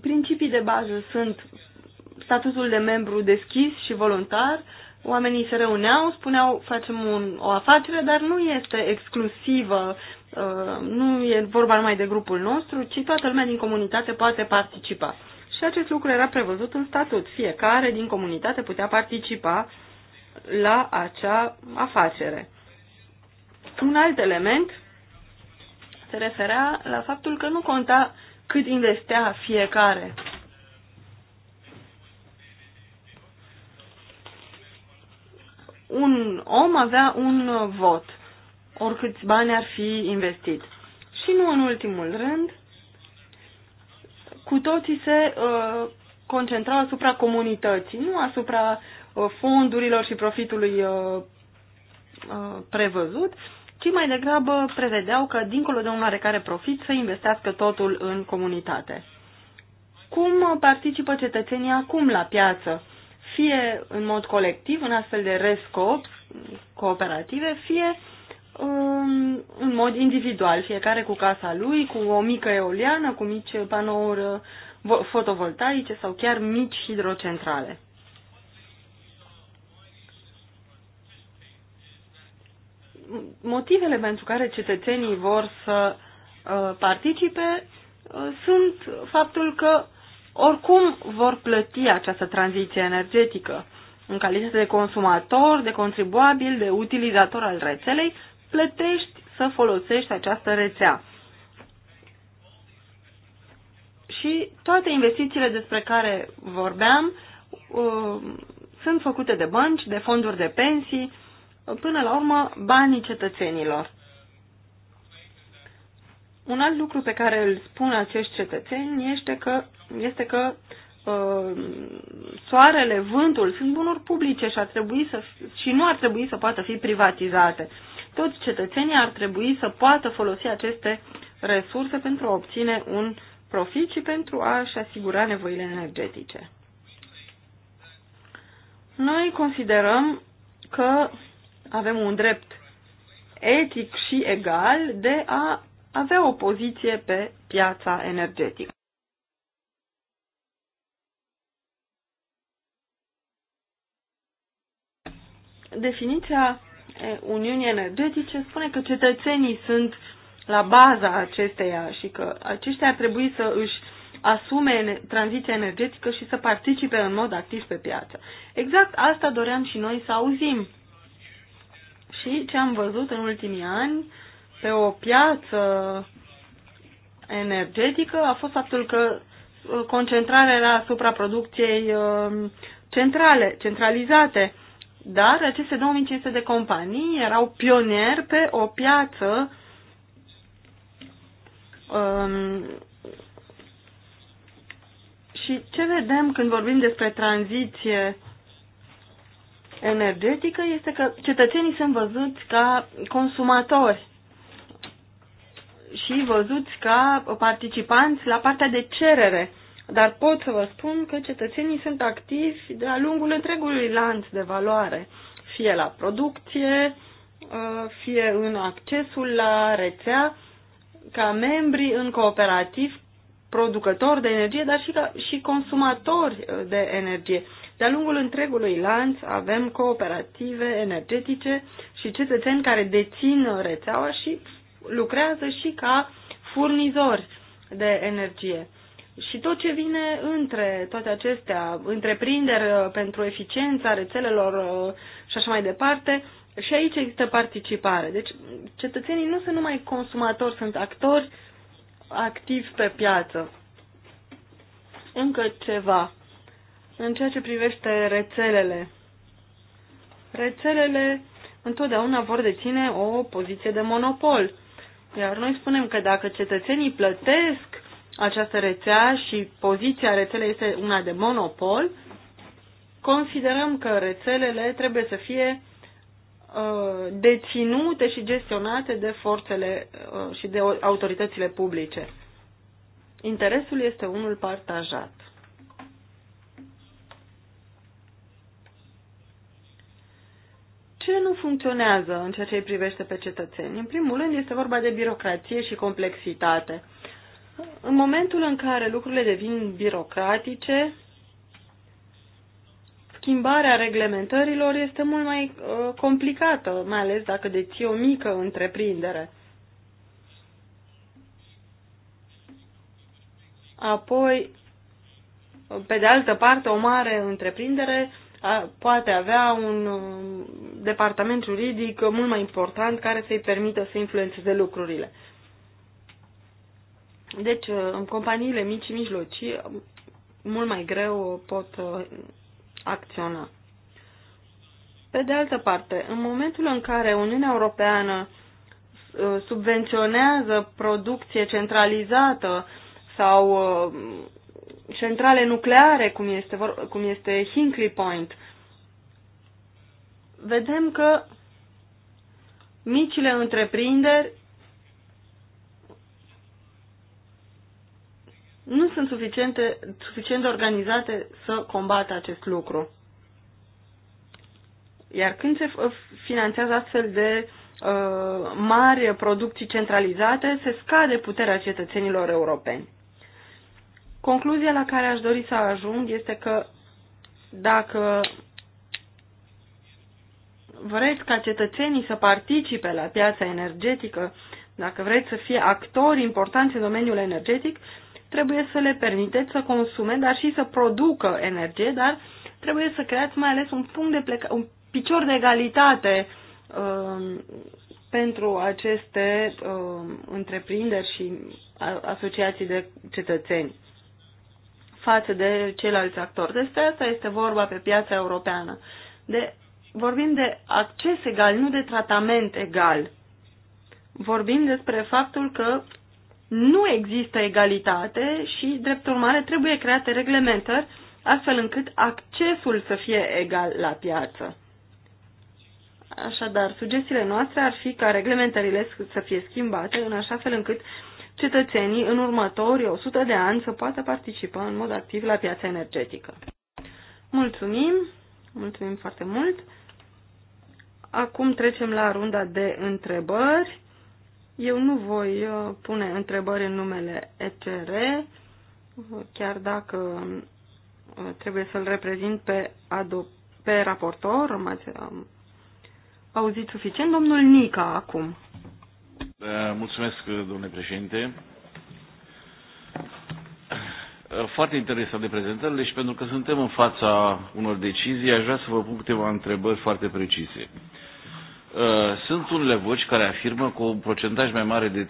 S3: Principii de bază sunt statutul de membru deschis și voluntar, oamenii se reuneau, spuneau facem un, o afacere, dar nu este exclusivă, uh, nu e vorba numai de grupul nostru, ci toată lumea din comunitate poate participa și acest lucru era prevăzut în statut. Fiecare din comunitate putea participa la acea afacere. Un alt element se referea la faptul că nu conta cât investea fiecare. Un om avea un vot, oricâți bani ar fi investit. Și nu în ultimul rând, cu toții se uh, concentrau asupra comunității, nu asupra uh, fondurilor și profitului uh, uh, prevăzut, ci mai degrabă prevedeau că, dincolo de un oarecare profit, să investească totul în comunitate. Cum participă cetățenii acum la piață? Fie în mod colectiv, în astfel de rescop cooperative, fie uh, Um, în mod individual, fiecare cu casa lui, cu o mică eoliană, cu mici panouri uh, fotovoltaice sau chiar mici hidrocentrale. Motivele pentru care cetățenii vor să uh, participe uh, sunt faptul că oricum vor plăti această tranziție energetică în calitate de consumator, de contribuabil, de utilizator al rețelei plătești să folosești această rețea. Și toate investițiile despre care vorbeam uh, sunt făcute de bănci, de fonduri de pensii, până la urmă banii cetățenilor. Un alt lucru pe care îl spun acești cetățeni este că, este că uh, soarele, vântul sunt bunuri publice și, ar trebui să, și nu ar trebui să poată fi privatizate. Uh, toți cetățenii ar trebui să poată folosi aceste resurse pentru a obține un profit și pentru a-și asigura nevoile energetice. Noi considerăm că avem un drept etic și egal de a avea o poziție pe piața energetică. Definiția Uniunii Energetice spune că cetățenii sunt la baza acesteia și că aceștia ar trebui să își asume tranziția energetică și să participe în mod activ pe piață. Exact asta doream și noi să auzim. Și ce am văzut în ultimii ani pe o piață energetică a fost faptul că uh, concentrarea era asupra producției uh, centrale, centralizate dar aceste 2500 de companii erau pionieri pe o piață um, și ce vedem când vorbim despre tranziție energetică este că cetățenii sunt văzuți ca consumatori și văzuți ca participanți la partea de cerere dar pot să vă spun că cetățenii sunt activi de-a lungul întregului lanț de valoare, fie la producție, uh, fie în accesul la rețea, ca membri în cooperativ, producători de energie, dar și, ca, și consumatori uh, de energie. De-a lungul întregului lanț avem cooperative energetice și cetățeni care dețin rețeaua și lucrează și ca furnizori de energie și tot ce vine între toate acestea, întreprinderi uh, pentru eficiența rețelelor uh, și așa mai departe, și aici există participare. Deci cetățenii nu sunt numai consumatori, sunt actori activi pe piață. Încă ceva. În ceea ce privește rețelele. Rețelele întotdeauna vor deține o poziție de monopol. Iar noi spunem că dacă cetățenii plătesc această rețea și poziția rețelei este una de monopol, considerăm că rețelele trebuie să fie uh, deținute și gestionate de forțele uh, și de autoritățile publice. Interesul este unul partajat. Ce nu funcționează în ceea ce îi privește pe cetățeni? În primul rând este vorba de birocrație și complexitate în momentul în care lucrurile devin birocratice, schimbarea reglementărilor este mult mai uh, complicată, mai ales dacă deții o mică întreprindere. Apoi, pe de altă parte, o mare întreprindere a, poate avea un uh, departament juridic mult mai important care să-i permită să influențeze lucrurile. Deci, uh, în companiile mici și mijlocii, mult mai greu pot uh, acționa. Pe de altă parte, în momentul în care Uniunea Europeană uh, subvenționează producție centralizată sau centrale nucleare, cum este, cum este Hinkley Point, vedem că micile întreprinderi nu sunt suficiente, suficient de organizate să combată acest lucru. Iar când se finanțează astfel de uh, mari producții centralizate, se scade puterea cetățenilor europeni. Concluzia la care aș dori să ajung este că dacă vreți ca cetățenii să participe la piața energetică, dacă vreți să fie actori importanți în domeniul energetic, trebuie să le permiteți să consume, dar și să producă energie, dar trebuie să creați mai ales un punct de pleca, un picior de egalitate um, pentru aceste um, întreprinderi și asociații de cetățeni față de ceilalți actori. Despre asta este vorba pe piața europeană. De, vorbim de acces egal, nu de tratament egal. Vorbim despre faptul că nu există egalitate și, drept urmare, trebuie create reglementări astfel încât accesul să fie egal la piață. Așadar, sugestiile noastre ar fi ca reglementările să fie schimbate în așa fel încât cetățenii în următorii 100 de ani să poată participa în mod activ la piața energetică. Mulțumim, mulțumim foarte mult. Acum trecem la runda de întrebări. Eu nu voi uh, pune întrebări în numele ECR, chiar dacă uh, trebuie să-l reprezint pe, pe raportor. am um, auzit suficient. Domnul Nica acum.
S1: Da, mulțumesc, domnule președinte. Uh, foarte interesant de prezentările și deci pentru că suntem în fața unor decizii, aș vrea să vă pun câteva întrebări foarte precise. Uh, Uh, sunt unele voci care afirmă că un procentaj mai mare de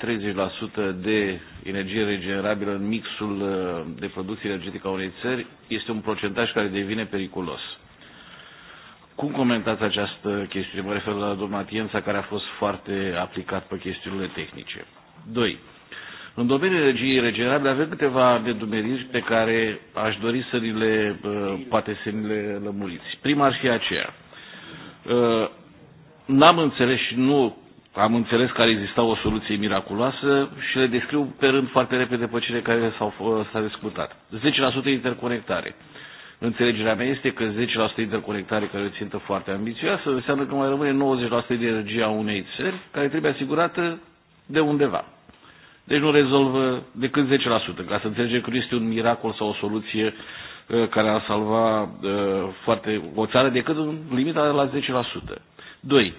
S1: 30% de energie regenerabilă în mixul uh, de producție energetică a unei țări este un procentaj care devine periculos. Cum comentați această chestiune? Mă refer la doamna Tiența, care a fost foarte aplicat pe chestiunile tehnice. 2. În domeniul energiei regenerabile avem câteva nedumeriri pe care aș dori să ni le, uh, poate să ni le lămuriți. Prima ar fi aceea n-am înțeles și nu am înțeles că ar exista o soluție miraculoasă și le descriu pe rând foarte repede pe cele care s-au, discutat. 10% interconectare. Înțelegerea mea este că 10% interconectare, care o țintă foarte ambițioasă, înseamnă că mai rămâne 90% de energia unei țări care trebuie asigurată de undeva. Deci nu rezolvă decât 10%, ca să înțelegem că nu este un miracol sau o soluție uh, care a salva uh, foarte o țară decât în limita de la Doi,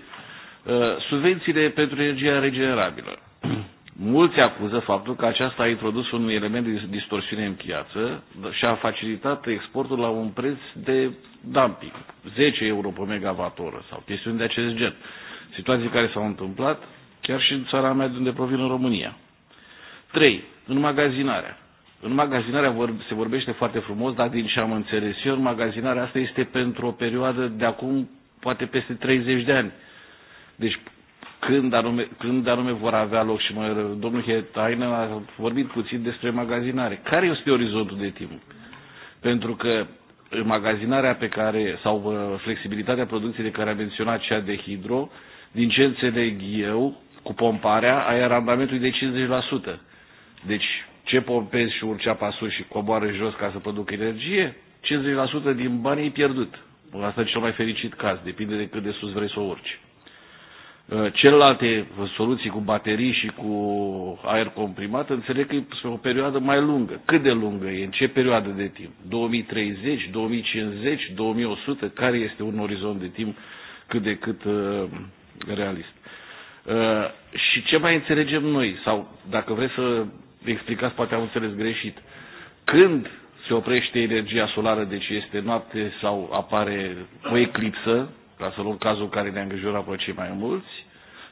S1: uh, subvențiile pentru energia regenerabilă. Mulți acuză faptul că aceasta a introdus un element de distorsiune în piață și a facilitat exportul la un preț de dumping, 10 euro pe megawatt oră sau chestiuni de acest gen. Situații care s-au întâmplat chiar și în țara mea de unde provin în România. 3. Înmagazinarea. În vor, se vorbește foarte frumos, dar din ce am înțeles eu, magazinarea asta este pentru o perioadă de acum poate peste 30 de ani. Deci când anume, când anume vor avea loc și mă, domnul Hetaină a vorbit puțin despre magazinare. Care este orizontul de timp? Pentru că magazinarea pe care, sau uh, flexibilitatea producției de care a menționat cea de hidro, din ce înțeleg eu, cu pomparea, ai randamentul de 50%. Deci, ce pompezi și urcea pasul și coboară jos ca să producă energie, 50% din bani e pierdut. Asta e cel mai fericit caz, depinde de cât de sus vrei să o urci. Ă, celelalte soluții cu baterii și cu aer comprimat, înțeleg că e o perioadă mai lungă. Cât de lungă e? În ce perioadă de timp? 2030, 2050, 2100? Care este un orizont de timp cât de cât ă, realist? Ă, și ce mai înțelegem noi? Sau, dacă vreți să explicați, poate am înțeles greșit. Când se oprește energia solară, deci este noapte sau apare o eclipsă, ca să luăm cazul care ne-a îngrijorat pe cei mai mulți,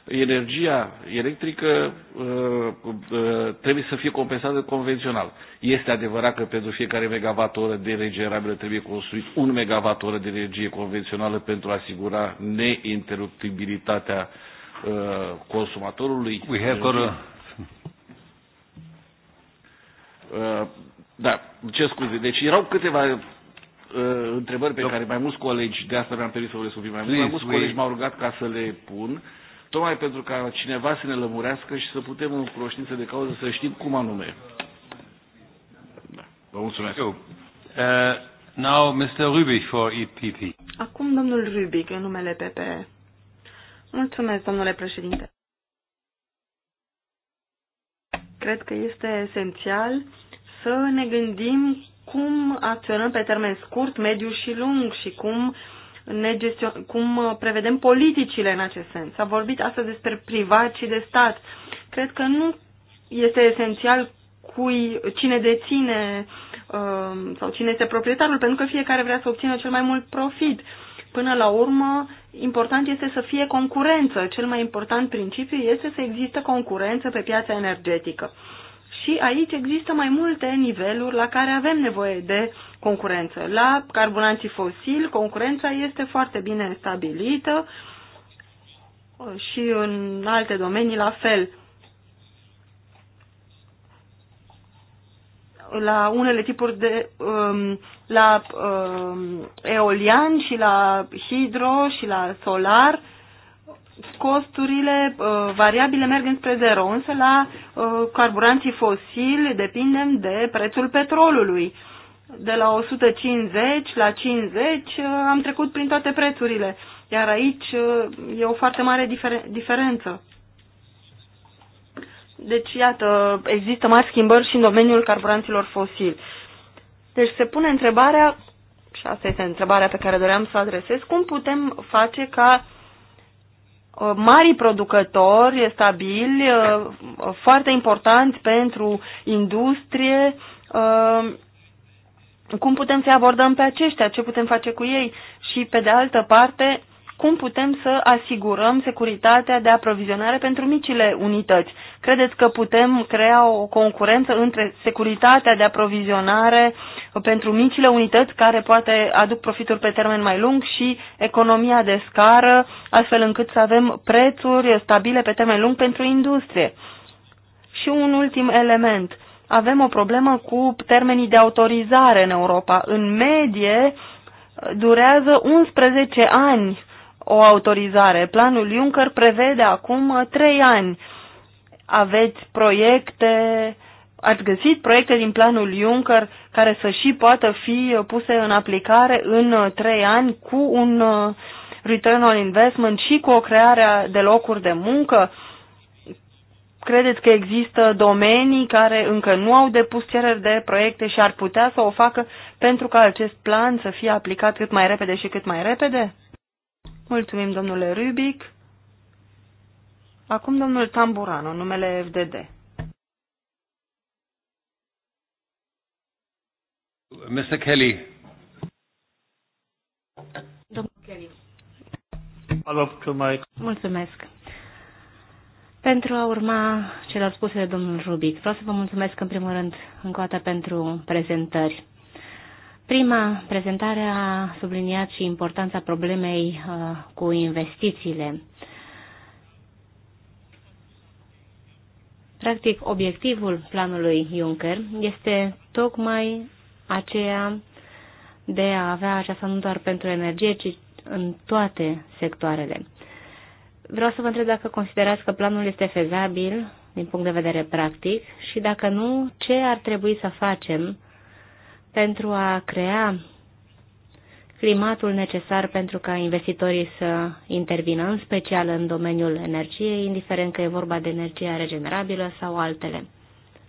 S1: energia electrică uh, uh, trebuie să fie compensată convențional. Este adevărat că pentru fiecare megawatt-oră de regenerabilă trebuie construit un megawatt-oră de energie convențională pentru a asigura neinteruptibilitatea uh, consumatorului. We have da, ce scuze. Deci erau câteva uh, întrebări pe Do- care mai mulți colegi, de asta mi-am permis să vă le subim, mai, Please, mai mulți we... colegi m-au rugat ca să le pun, tocmai pentru ca cineva să ne lămurească și să putem în cunoștință de cauză să știm cum anume. Da. Vă mulțumesc. Eu. Uh, now, Mr. Rubic for EPP.
S3: Acum, domnul Rubic, în numele PPE. Mulțumesc, domnule președinte. Cred că este esențial să ne gândim cum acționăm pe termen scurt, mediu și lung și cum, ne gestion- cum uh, prevedem politicile în acest sens. S-a vorbit astăzi despre privat și de stat. Cred că nu este esențial cui, cine deține uh, sau cine este proprietarul, pentru că fiecare vrea să obțină cel mai mult profit. Până la urmă, important este să fie concurență. Cel mai important principiu este să existe concurență pe piața energetică. Și aici există mai multe niveluri la care avem nevoie de concurență. La carburanții fosili, concurența este foarte bine stabilită și în alte domenii la fel. La unele tipuri de. Um, la um, eolian și la hidro și la solar costurile uh, variabile merg înspre zero, însă la uh, carburanții fosili depindem de prețul petrolului. De la 150 la 50 uh, am trecut prin toate prețurile, iar aici uh, e o foarte mare difer- diferență. Deci, iată, există mari schimbări și în domeniul carburanților fosili. Deci se pune întrebarea, și asta este întrebarea pe care doream să o adresez, cum putem face ca Uh, mari producători stabili, uh, uh, foarte importanți pentru industrie. Cum putem să abordăm pe aceștia? Ce putem face cu ei? Și, pe de altă parte, cum putem să asigurăm securitatea de aprovizionare pentru micile unități? Credeți că putem crea o concurență între securitatea de aprovizionare pentru micile unități care poate aduc profituri pe termen mai lung și economia de scară, astfel încât să avem prețuri stabile pe termen lung pentru industrie? Și un ultim element. Avem o problemă cu termenii de autorizare în Europa. În medie durează 11 ani o autorizare. Planul Juncker prevede acum uh, trei ani. Aveți proiecte, ați găsit proiecte din planul Juncker care să și poată fi uh, puse în aplicare în uh, trei ani cu un return on investment și cu o creare de locuri de muncă? Credeți că există domenii care încă nu au depus cereri de proiecte și ar putea să o facă pentru ca acest plan să fie aplicat cât mai repede și cât mai repede? Mulțumim, domnule Rubic. Acum domnul Tamburano, numele FDD.
S1: Mr. Kelly.
S3: Domnul
S4: Kelly. Mulțumesc. Pentru a urma celor spuse de domnul Rubic, vreau să vă mulțumesc în primul rând încă o dată pentru prezentări. Prima prezentare a subliniat și importanța problemei uh, cu investițiile. Practic, obiectivul planului Juncker este tocmai aceea de a avea aceasta nu doar pentru energie, ci în toate sectoarele. Vreau să vă întreb dacă considerați că planul este fezabil din punct de vedere practic și dacă nu, ce ar trebui să facem pentru a crea climatul necesar pentru ca investitorii să intervină, în special în domeniul energiei, indiferent că e vorba de energia regenerabilă sau altele.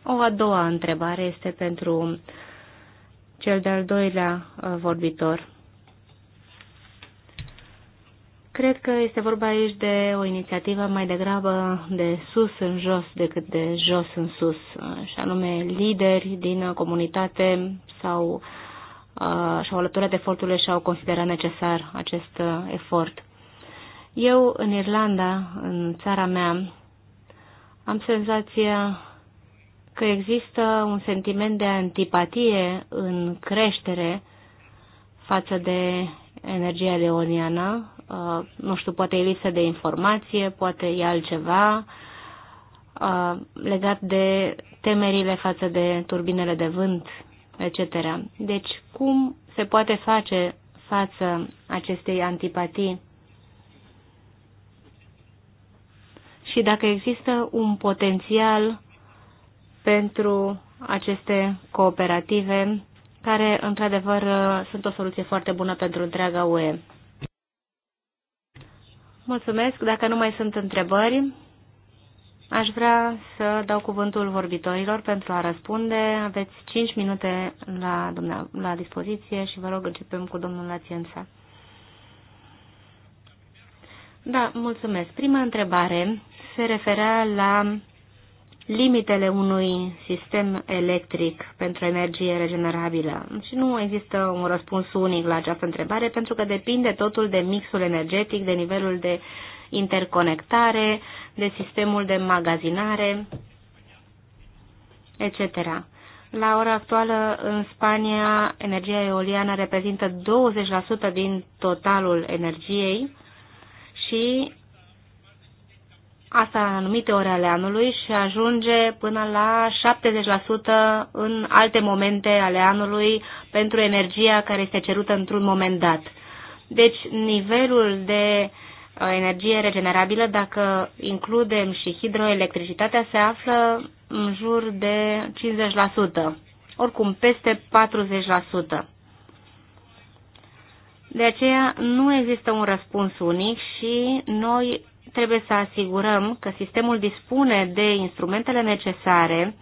S4: O a doua întrebare este pentru cel de-al doilea uh, vorbitor. Cred că este vorba aici de o inițiativă mai degrabă de sus în jos decât de jos în sus, și anume lideri din comunitate sau uh, și-au alăturat eforturile și au considerat necesar acest uh, efort. Eu, în Irlanda, în țara mea, am senzația că există un sentiment de antipatie în creștere față de energia leoniană, Uh, nu știu, poate e lipsă de informație, poate e altceva uh, legat de temerile față de turbinele de vânt, etc. Deci, cum se poate face față acestei antipatii? Și dacă există un potențial pentru aceste cooperative, care, într-adevăr, sunt o soluție foarte bună pentru întreaga UE. Mulțumesc. Dacă nu mai sunt întrebări, aș vrea să dau cuvântul vorbitorilor pentru a răspunde. Aveți 5 minute la, la dispoziție și vă rog începem cu domnul Lațiența. Da, mulțumesc. Prima întrebare se referea la limitele unui sistem electric pentru energie regenerabilă. Și nu există un răspuns unic la această întrebare, pentru că depinde totul de mixul energetic, de nivelul de interconectare, de sistemul de magazinare, etc. La ora actuală, în Spania, energia eoliană reprezintă 20% din totalul energiei și asta în anumite ore ale anului și ajunge până la 70% în alte momente ale anului pentru energia care este cerută într-un moment dat. Deci nivelul de uh, energie regenerabilă, dacă includem și hidroelectricitatea, se află în jur de 50%, oricum peste 40%. De aceea nu există un răspuns unic și noi trebuie să asigurăm că sistemul dispune de instrumentele necesare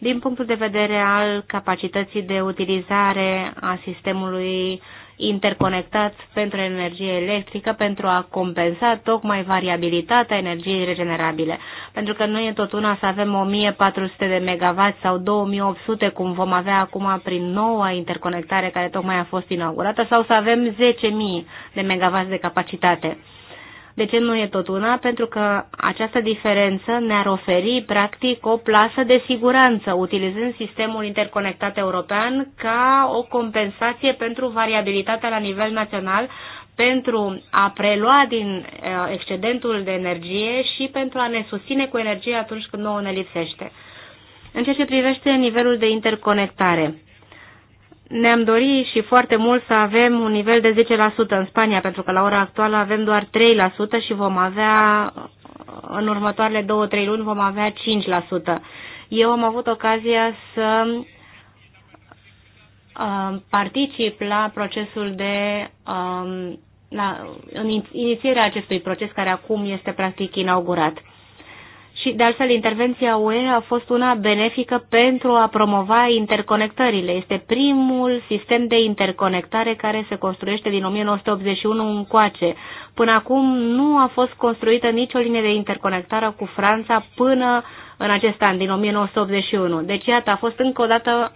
S4: din punctul de vedere al capacității de utilizare a sistemului interconectat pentru energie electrică pentru a compensa tocmai variabilitatea energiei regenerabile. Pentru că nu e tot una să avem 1400 de megawatt sau 2800 cum vom avea acum prin noua interconectare care tocmai a fost inaugurată sau să avem 10.000 de megawatt de capacitate. De ce nu e tot una? Pentru că această diferență ne-ar oferi, practic, o plasă de siguranță, utilizând sistemul interconectat european ca o compensație pentru variabilitatea la nivel național, pentru a prelua din uh, excedentul de energie și pentru a ne susține cu energie atunci când nouă ne lipsește. În ceea ce privește nivelul de interconectare, ne-am dorit și foarte mult să avem un nivel de 10% în Spania, pentru că la ora actuală avem doar 3% și vom avea, în următoarele 2-3 luni, vom avea 5%. Eu am avut ocazia să uh, particip la procesul de um, la, în inițierea acestui proces care acum este practic inaugurat și, de altfel, intervenția UE a fost una benefică pentru a promova interconectările. Este primul sistem de interconectare care se construiește din 1981 încoace. Până acum nu a fost construită nicio linie de interconectare cu Franța până în acest an, din 1981. Deci, iată, a fost încă o dată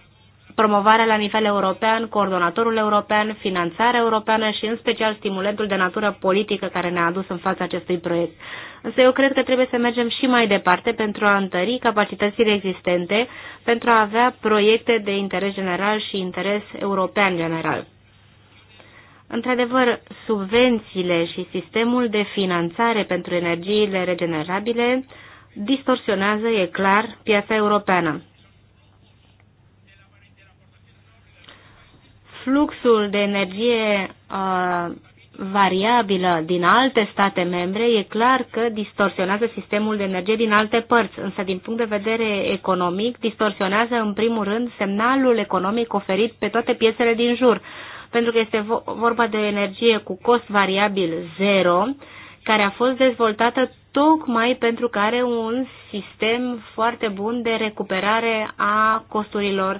S4: promovarea la nivel european, coordonatorul european, finanțarea europeană și în special stimulentul de natură politică care ne-a adus în fața acestui proiect. Însă eu cred că trebuie să mergem și mai departe pentru a întări capacitățile existente, pentru a avea proiecte de interes general și interes european general. Într-adevăr, subvențiile și sistemul de finanțare pentru energiile regenerabile distorsionează, e clar, piața europeană. Fluxul de energie uh, variabilă din alte state membre, e clar că distorsionează sistemul de energie din alte părți, însă din punct de vedere economic distorsionează în primul rând semnalul economic oferit pe toate piețele din jur, pentru că este vorba de energie cu cost variabil zero, care a fost dezvoltată tocmai pentru că are un sistem foarte bun de recuperare a costurilor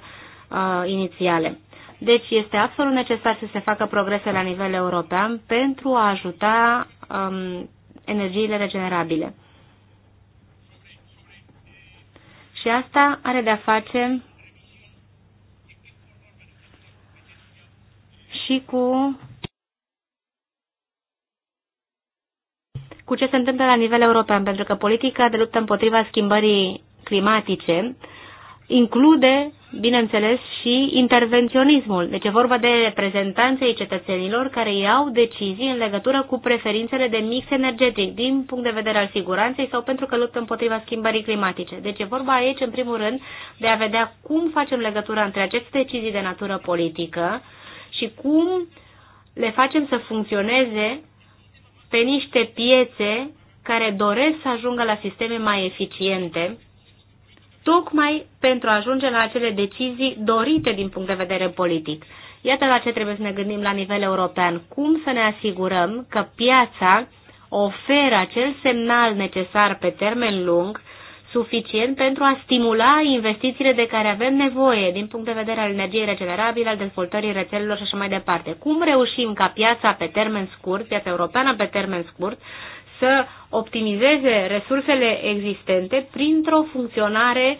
S4: uh, inițiale. Deci este absolut necesar să se facă progrese la nivel european pentru a ajuta um, energiile regenerabile. Și asta are de-a face și cu cu ce se întâmplă la nivel european, pentru că politica de luptă împotriva schimbării climatice include, bineînțeles, și intervenționismul. Deci e vorba de reprezentanței cetățenilor care iau decizii în legătură cu preferințele de mix energetic din punct de vedere al siguranței sau pentru că luptă împotriva schimbării climatice. Deci e vorba aici, în primul rând, de a vedea cum facem legătura între aceste decizii de natură politică și cum le facem să funcționeze pe niște piețe care doresc să ajungă la sisteme mai eficiente tocmai pentru a ajunge la acele decizii dorite din punct de vedere politic. Iată la ce trebuie să ne gândim la nivel european. Cum să ne asigurăm că piața oferă acel semnal necesar pe termen lung, suficient pentru a stimula investițiile de care avem nevoie din punct de vedere al energiei regenerabile, al dezvoltării rețelelor și așa mai departe. Cum reușim ca piața pe termen scurt, piața europeană pe termen scurt, să optimizeze resursele existente printr-o funcționare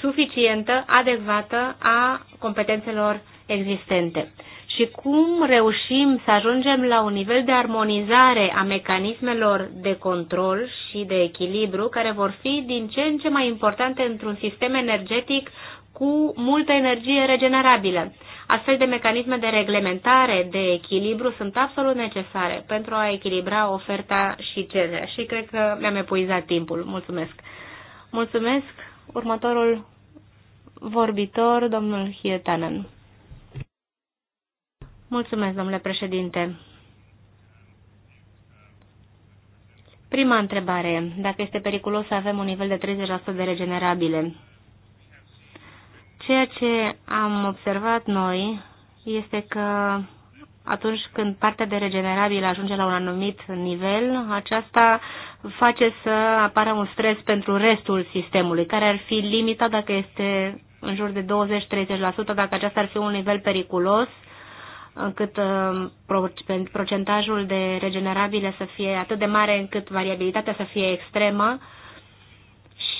S4: suficientă, adecvată a competențelor existente. Și cum reușim să ajungem la un nivel de armonizare a mecanismelor de control și de echilibru care vor fi din ce în ce mai importante într-un sistem energetic cu multă energie regenerabilă. Astfel de mecanisme de reglementare, de echilibru sunt absolut necesare pentru a echilibra oferta și cererea. Și cred că mi-am epuizat timpul. Mulțumesc. Mulțumesc. Următorul vorbitor, domnul Hietanen. Mulțumesc, domnule președinte. Prima întrebare. Dacă este periculos să avem un nivel de 30% de regenerabile, Ceea ce am observat noi este că atunci când partea de regenerabil ajunge la un anumit nivel, aceasta face să apară un stres pentru restul sistemului, care ar fi limitat dacă este în jur de 20-30%, dacă acesta ar fi un nivel periculos, încât uh, procentajul de regenerabile să fie atât de mare încât variabilitatea să fie extremă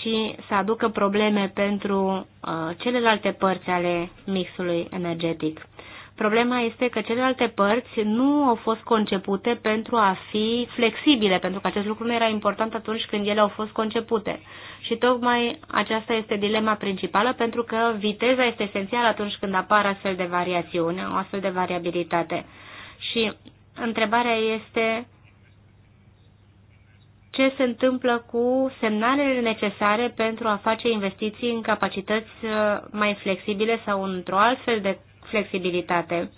S4: și să aducă probleme pentru uh, celelalte părți ale mixului energetic. Problema este că celelalte părți nu au fost concepute pentru a fi flexibile, pentru că acest lucru nu era important atunci când ele au fost concepute. Și tocmai aceasta este dilema principală, pentru că viteza este esențială atunci când apar astfel de variațiune, o astfel de variabilitate. Și întrebarea este ce se întâmplă cu semnalele necesare pentru a face investiții în capacități uh, mai flexibile sau într-o altfel de flexibilitate.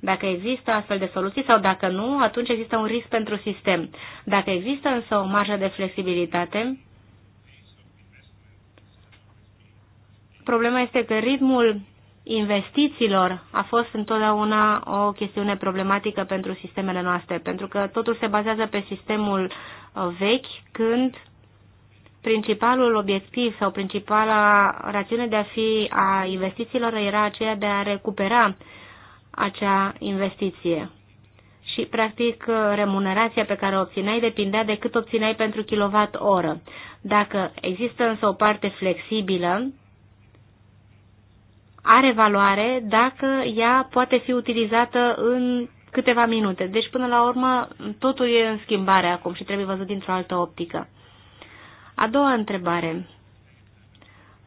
S4: Dacă există astfel de soluții sau dacă nu, atunci există un risc pentru sistem. Dacă există însă o marjă de flexibilitate, problema este că ritmul investițiilor a fost întotdeauna o chestiune problematică pentru sistemele noastre, pentru că totul se bazează pe sistemul uh, vechi, când principalul obiectiv sau principala rațiune de a fi a investițiilor era aceea de a recupera acea investiție. Și, practic, remunerația pe care o obțineai depindea de cât obțineai pentru kilowatt oră. Dacă există însă o parte flexibilă, are valoare dacă ea poate fi utilizată în câteva minute. Deci, până la urmă, totul e în schimbare acum și trebuie văzut dintr-o altă optică. A doua întrebare,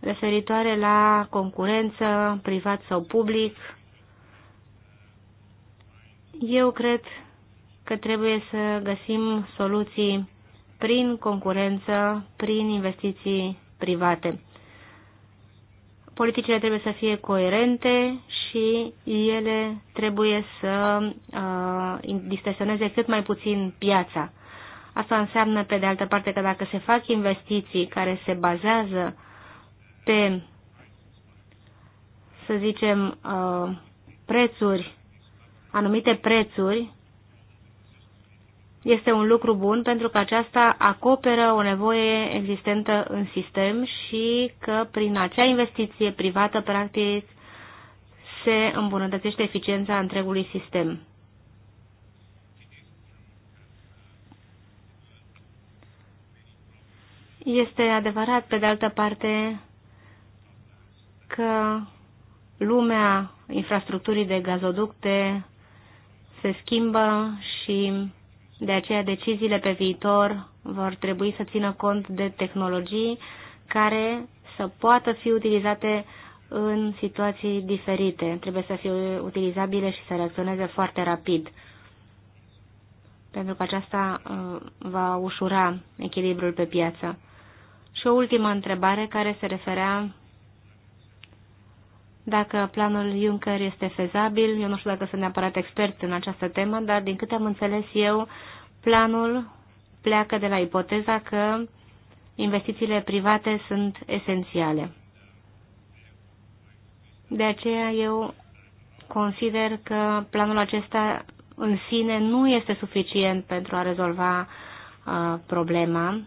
S4: referitoare la concurență, privat sau public, eu cred că trebuie să găsim soluții prin concurență, prin investiții private politicile trebuie să fie coerente și ele trebuie să uh, distorsioneze cât mai puțin piața. Asta înseamnă, pe de altă parte, că dacă se fac investiții care se bazează pe, să zicem, uh, prețuri, anumite prețuri, este un lucru bun pentru că aceasta acoperă o nevoie existentă în sistem și că prin acea investiție privată, practic, se îmbunătățește eficiența întregului sistem. Este adevărat, pe de altă parte, că lumea infrastructurii de gazoducte se schimbă și de aceea deciziile pe viitor vor trebui să țină cont de tehnologii care să poată fi utilizate în situații diferite. Trebuie să fie utilizabile și să reacționeze foarte rapid. Pentru că aceasta uh, va ușura echilibrul pe piață. Și o ultimă întrebare care se referea dacă planul Juncker este fezabil. Eu nu știu dacă sunt neapărat experți în această temă, dar din câte am înțeles eu, planul pleacă de la ipoteza că investițiile private sunt esențiale. De aceea eu consider că planul acesta în sine nu este suficient pentru a rezolva uh, problema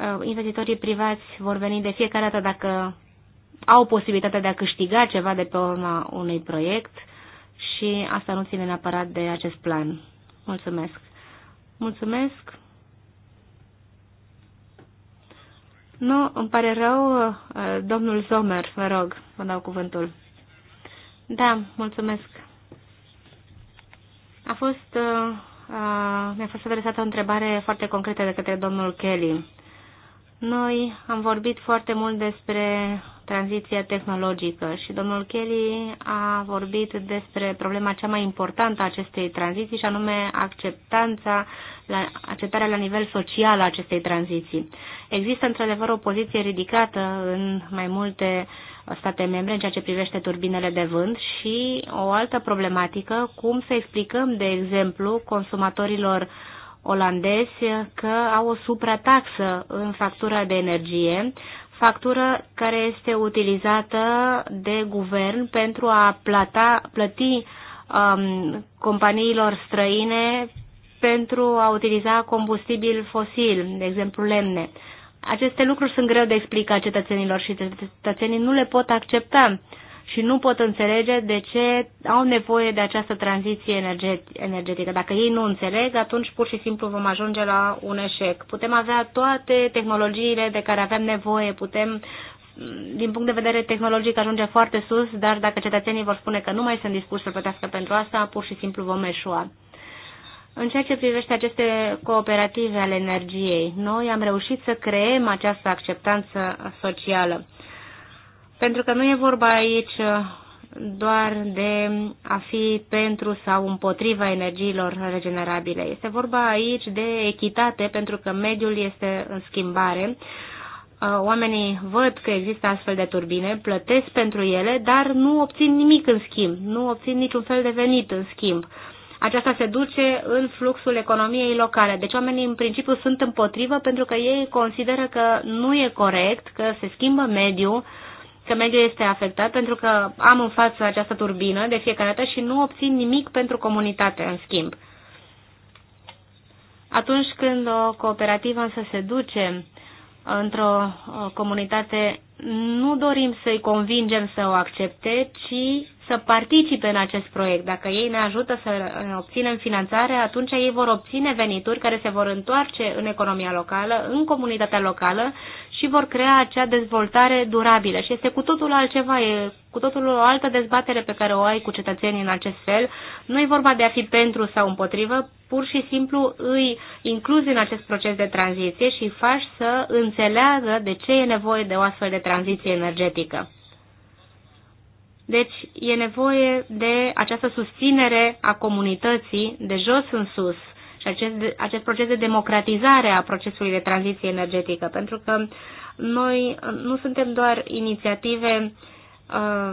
S4: Uh, investitorii privați vor veni de fiecare dată dacă au posibilitatea de a câștiga ceva de pe urma unui proiect și asta nu ține neapărat de acest plan. Mulțumesc. Mulțumesc. Nu, îmi pare rău, uh, domnul Zomer, vă rog, vă dau cuvântul. Da, mulțumesc. A fost, uh, uh mi-a fost adresată o întrebare foarte concretă de către domnul Kelly noi am vorbit foarte mult despre tranziția tehnologică și domnul Kelly a vorbit despre problema cea mai importantă a acestei tranziții și anume acceptanța, la, acceptarea la nivel social a acestei tranziții. Există într-adevăr o poziție ridicată în mai multe state membre în ceea ce privește turbinele de vânt și o altă problematică, cum să explicăm, de exemplu, consumatorilor uh, olandezi că au o suprataxă în factura de energie, factură care este utilizată de guvern pentru a plata, plăti um, companiilor străine pentru a utiliza combustibil fosil, de exemplu lemne. Aceste lucruri sunt greu de explicat cetățenilor și cetățenii nu le pot accepta. Uh, și nu pot înțelege de ce au nevoie de această tranziție energetică. Dacă ei nu înțeleg, atunci pur și simplu vom ajunge la un eșec. Putem avea toate tehnologiile de care avem nevoie, putem din punct de vedere tehnologic ajunge foarte sus, dar dacă cetățenii vor spune că nu mai sunt dispuși să plătească pentru asta, pur și simplu vom eșua. În ceea ce privește aceste cooperative ale energiei, noi am reușit să creăm această acceptanță socială. Pentru că nu e vorba aici uh, doar de a fi pentru sau împotriva energiilor regenerabile. Este vorba aici de echitate, pentru că mediul este în schimbare. Uh, oamenii văd că există astfel de turbine, plătesc pentru ele, dar nu obțin nimic în schimb, nu obțin niciun fel de venit în schimb. Aceasta se duce în fluxul economiei locale. Deci oamenii în principiu sunt împotrivă pentru că ei consideră că nu e corect, că se schimbă mediul, că mediul este afectat pentru că am în față această turbină de fiecare dată și nu obțin nimic pentru comunitate, în schimb. Atunci când o cooperativă însă se duce într-o comunitate, nu dorim să-i convingem să o accepte, ci să participe în acest proiect. Dacă ei ne ajută să obținem finanțare, atunci ei vor obține venituri care se vor întoarce în economia locală, în comunitatea locală și vor crea acea dezvoltare durabilă. Și este cu totul altceva, e cu totul o altă dezbatere pe care o ai cu cetățenii în acest fel. Nu e vorba de a fi pentru sau împotrivă, pur și simplu îi incluzi în acest proces de tranziție și îi faci să înțeleagă de ce e nevoie de o astfel de tranziție energetică. Deci e nevoie de această susținere a comunității de jos în sus, și acest, acest proces de democratizare a procesului de tranziție energetică, pentru că noi nu suntem doar inițiative uh,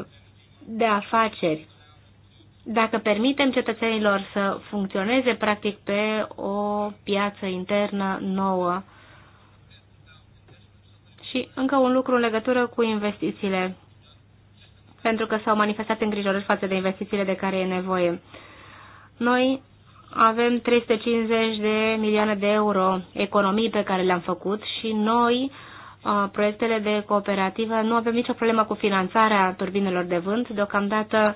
S4: de afaceri. Dacă permitem cetățenilor să funcționeze practic pe o piață internă nouă, și încă un lucru în legătură cu investițiile, pentru că s-au manifestat îngrijorări față de investițiile de care e nevoie. Noi avem 350 de milioane de euro economii pe care le-am făcut și noi, uh, proiectele de cooperativă, nu avem nicio problemă cu finanțarea turbinelor de vânt. Deocamdată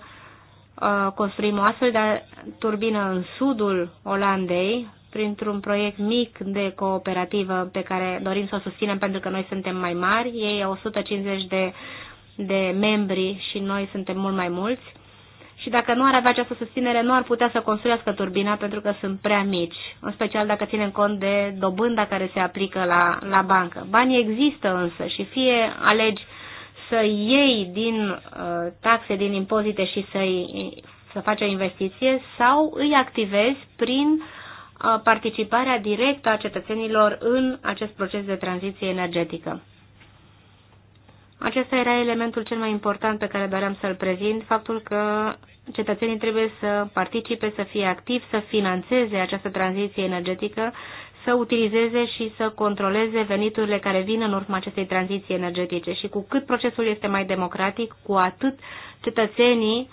S4: uh, construim o astfel de turbină în sudul Olandei, printr-un proiect mic de cooperativă pe care dorim să o susținem pentru că noi suntem mai mari. Ei au 150 de, de membri și noi suntem mult mai mulți și dacă nu ar avea această susținere, nu ar putea să construiască turbina pentru că sunt prea mici, în special dacă ținem cont de dobânda care se aplică la, la bancă. Banii există însă și fie alegi să iei din uh, taxe, din impozite și să-i, să faci o investiție sau îi activezi prin uh, participarea directă a cetățenilor în acest proces de tranziție energetică. Acesta era elementul cel mai important pe care doream să-l prezint, faptul că cetățenii trebuie să participe, să fie activi, să financeze această tranziție energetică, să utilizeze și să controleze veniturile care vin în urma acestei tranziții energetice. Și cu cât procesul este mai democratic, cu atât cetățenii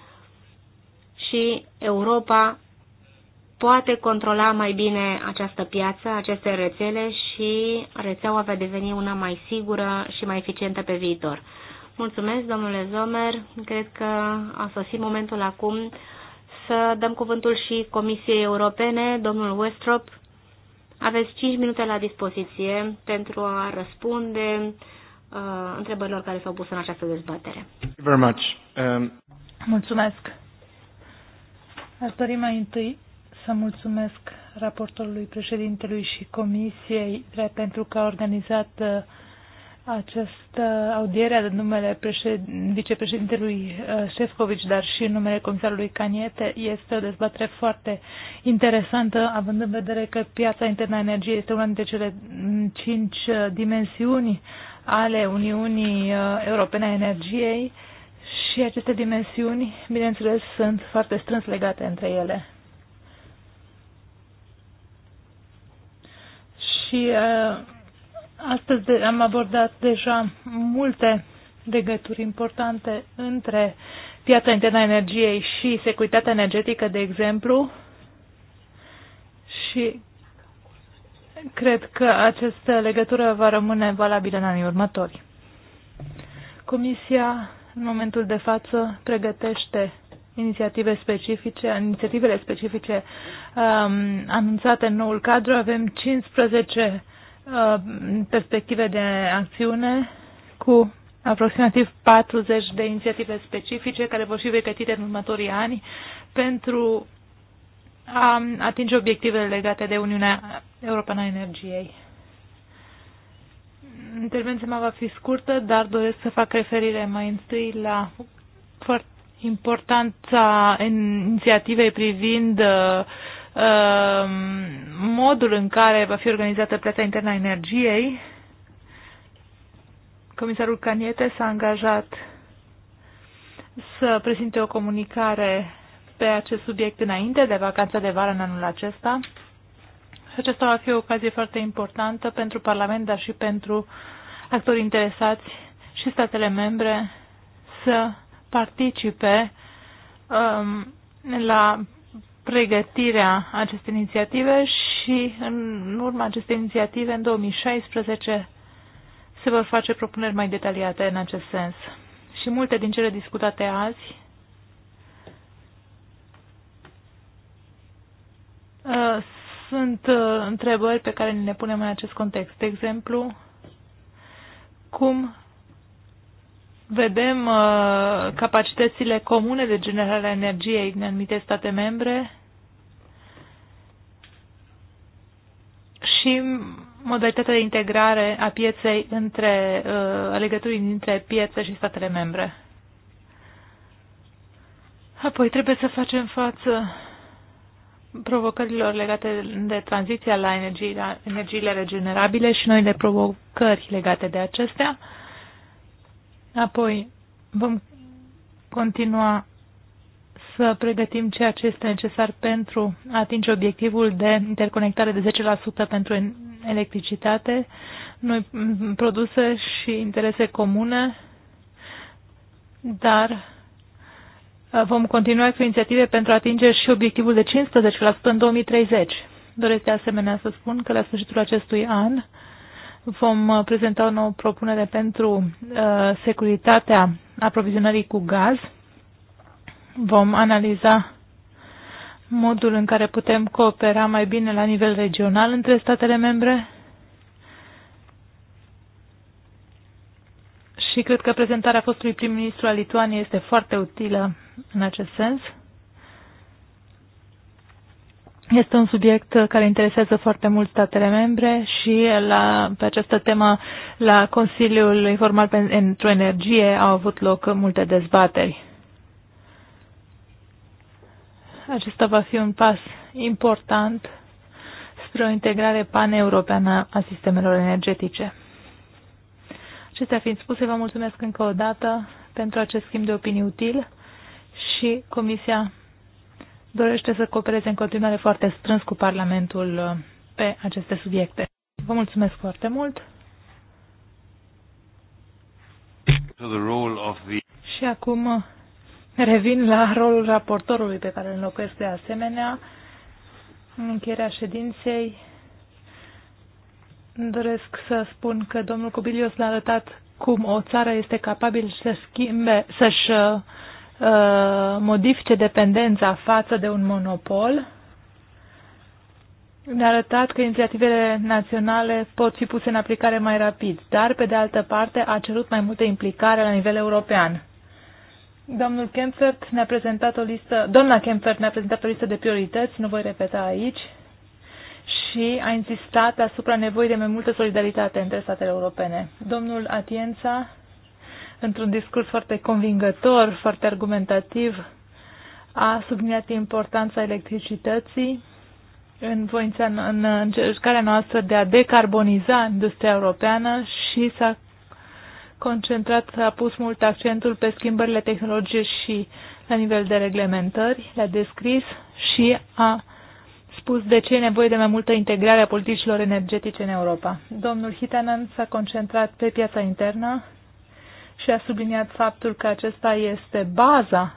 S4: și Europa poate controla mai bine această piață, aceste rețele și rețeaua va deveni una mai sigură și mai eficientă pe viitor. Mulțumesc, domnule Zomer. Cred că a sosit momentul acum să dăm cuvântul și Comisiei Europene, domnul Westrop. Aveți 5 minute la dispoziție pentru a răspunde uh, întrebărilor care s-au pus în această dezbatere.
S1: Very much. Um...
S2: Mulțumesc. Aș dori mai întâi să mulțumesc raportorului președintelui și Comisiei pentru că a organizat uh, această audiere de numele președ... vicepreședintelui uh, Șefcovici, dar și în numele comisarului Caniete, este o dezbatere foarte interesantă, având în vedere că piața internă a energiei este una dintre cele cinci uh, dimensiuni ale Uniunii uh, Europene a Energiei și aceste dimensiuni, bineînțeles, sunt foarte strâns legate între ele. Și uh, Astăzi am abordat deja multe legături importante între piața internă a energiei și securitatea energetică, de exemplu, și cred că această legătură va rămâne valabilă în anii următori. Comisia, în momentul de față, pregătește inițiative specifice, inițiativele specifice um, anunțate în noul cadru. Avem 15 Uh, perspective de acțiune cu aproximativ 40 de inițiative specifice care vor fi pregătite în următorii ani pentru a atinge obiectivele legate de Uniunea Europeană a Energiei. Intervenția mea va fi scurtă, dar doresc să fac referire mai întâi la importanța inițiativei privind uh, Ehm, modul în care va fi organizată piața internă a energiei, comisarul Caniete s-a angajat să prezinte o comunicare pe acest subiect înainte de vacanța de vară în anul acesta. Aceasta va fi o ocazie foarte importantă pentru Parlament, dar și pentru actorii interesați și statele membre să participe um, la pregătirea acestei inițiative și în urma acestei inițiative, în 2016, se vor face propuneri mai detaliate în acest sens. Și multe din cele discutate azi uh, sunt uh, întrebări pe care le punem în acest context. De exemplu, cum vedem uh, capacitățile comune de generare a energiei în anumite state membre și modalitatea de integrare a pieței între, uh, a legăturii dintre piețe și statele membre. Apoi trebuie să facem față provocărilor legate de tranziția la energiile, energiile regenerabile și noile provocări legate de acestea. Apoi vom continua să pregătim ceea ce este necesar pentru a atinge obiectivul de interconectare de 10% pentru electricitate, noi mm, produse și interese comune, dar uh, vom continua cu inițiative pentru a atinge și obiectivul de 15% în 2030. Doresc de asemenea să spun că la sfârșitul acestui an vom uh, prezenta o nouă propunere pentru uh, securitatea aprovizionării cu gaz vom analiza modul în care putem coopera mai bine la nivel regional între statele membre și cred că prezentarea fostului prim-ministru al Lituaniei este foarte utilă în acest sens. Este un subiect care interesează foarte mult statele membre și la, pe această temă la Consiliul Informal pentru Energie au avut loc multe dezbateri. Acesta va fi un pas important spre o integrare paneuropeană a sistemelor energetice. Acestea fiind spuse, vă mulțumesc încă o dată pentru acest schimb de opinii util și Comisia dorește să coopereze în continuare foarte strâns cu Parlamentul uh, pe aceste subiecte. Vă mulțumesc foarte mult! Și acum Revin la rolul raportorului pe care îl înlocuiesc de asemenea. În încheierea ședinței doresc să spun că domnul Cobilios l-a arătat cum o țară este capabil să schimbe, să-și uh, modifice dependența față de un monopol. Ne-a arătat că inițiativele naționale pot fi puse în aplicare mai rapid, dar, pe de altă parte, a cerut mai multă implicare la nivel european. Domnul Kempfert ne-a prezentat o listă, doamna Kempfert ne-a prezentat o listă de priorități, nu voi repeta aici, și a insistat asupra nevoii de mai multă solidaritate între statele europene. Domnul Atienza, într-un discurs foarte convingător, foarte argumentativ, a subliniat importanța electricității în, voința, în încercarea noastră de a decarboniza industria europeană și s-a concentrat, a pus mult accentul pe schimbările tehnologice și la nivel de reglementări, le-a descris și a spus de ce e nevoie de mai multă integrare a politicilor energetice în Europa. Domnul Hitanen s-a concentrat pe piața internă și a subliniat faptul că acesta este baza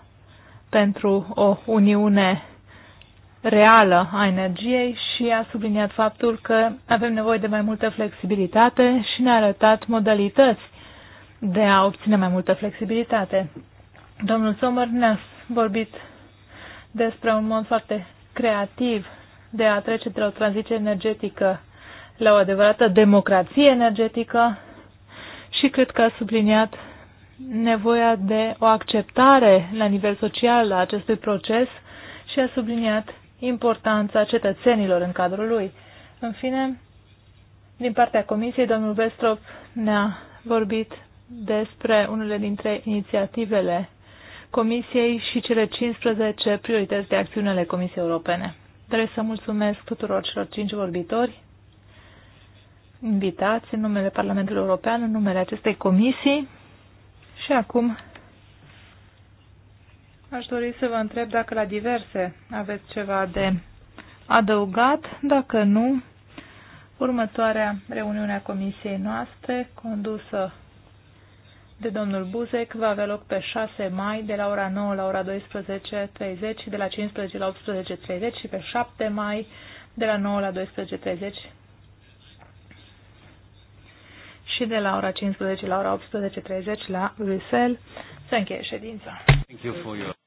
S2: pentru o uniune reală a energiei și a subliniat faptul că avem nevoie de mai multă flexibilitate și ne-a arătat modalități de a obține mai multă flexibilitate. Domnul Sommer ne-a vorbit despre un mod foarte creativ de a trece de la o tranziție energetică la o adevărată democrație energetică și cred că a subliniat nevoia de o acceptare la nivel social a acestui proces și a subliniat importanța cetățenilor în cadrul lui. În fine, din partea Comisiei, domnul Vestrop ne-a vorbit despre unele dintre inițiativele Comisiei și cele 15 priorități de acțiune ale Comisiei Europene. Trebuie să mulțumesc tuturor celor cinci vorbitori invitați în numele Parlamentului European, în numele acestei comisii. Și acum aș dori să vă întreb dacă la diverse aveți ceva de adăugat. Dacă nu, următoarea reuniune a comisiei noastre, condusă de domnul Buzek va avea loc pe 6 mai de la ora 9 la ora 12.30 și de la 15 la 18.30 și pe 7 mai de la 9 la 12.30 și de la ora 15 la ora 18.30 la Bruxelles. Să încheie ședința.
S1: Thank you for your...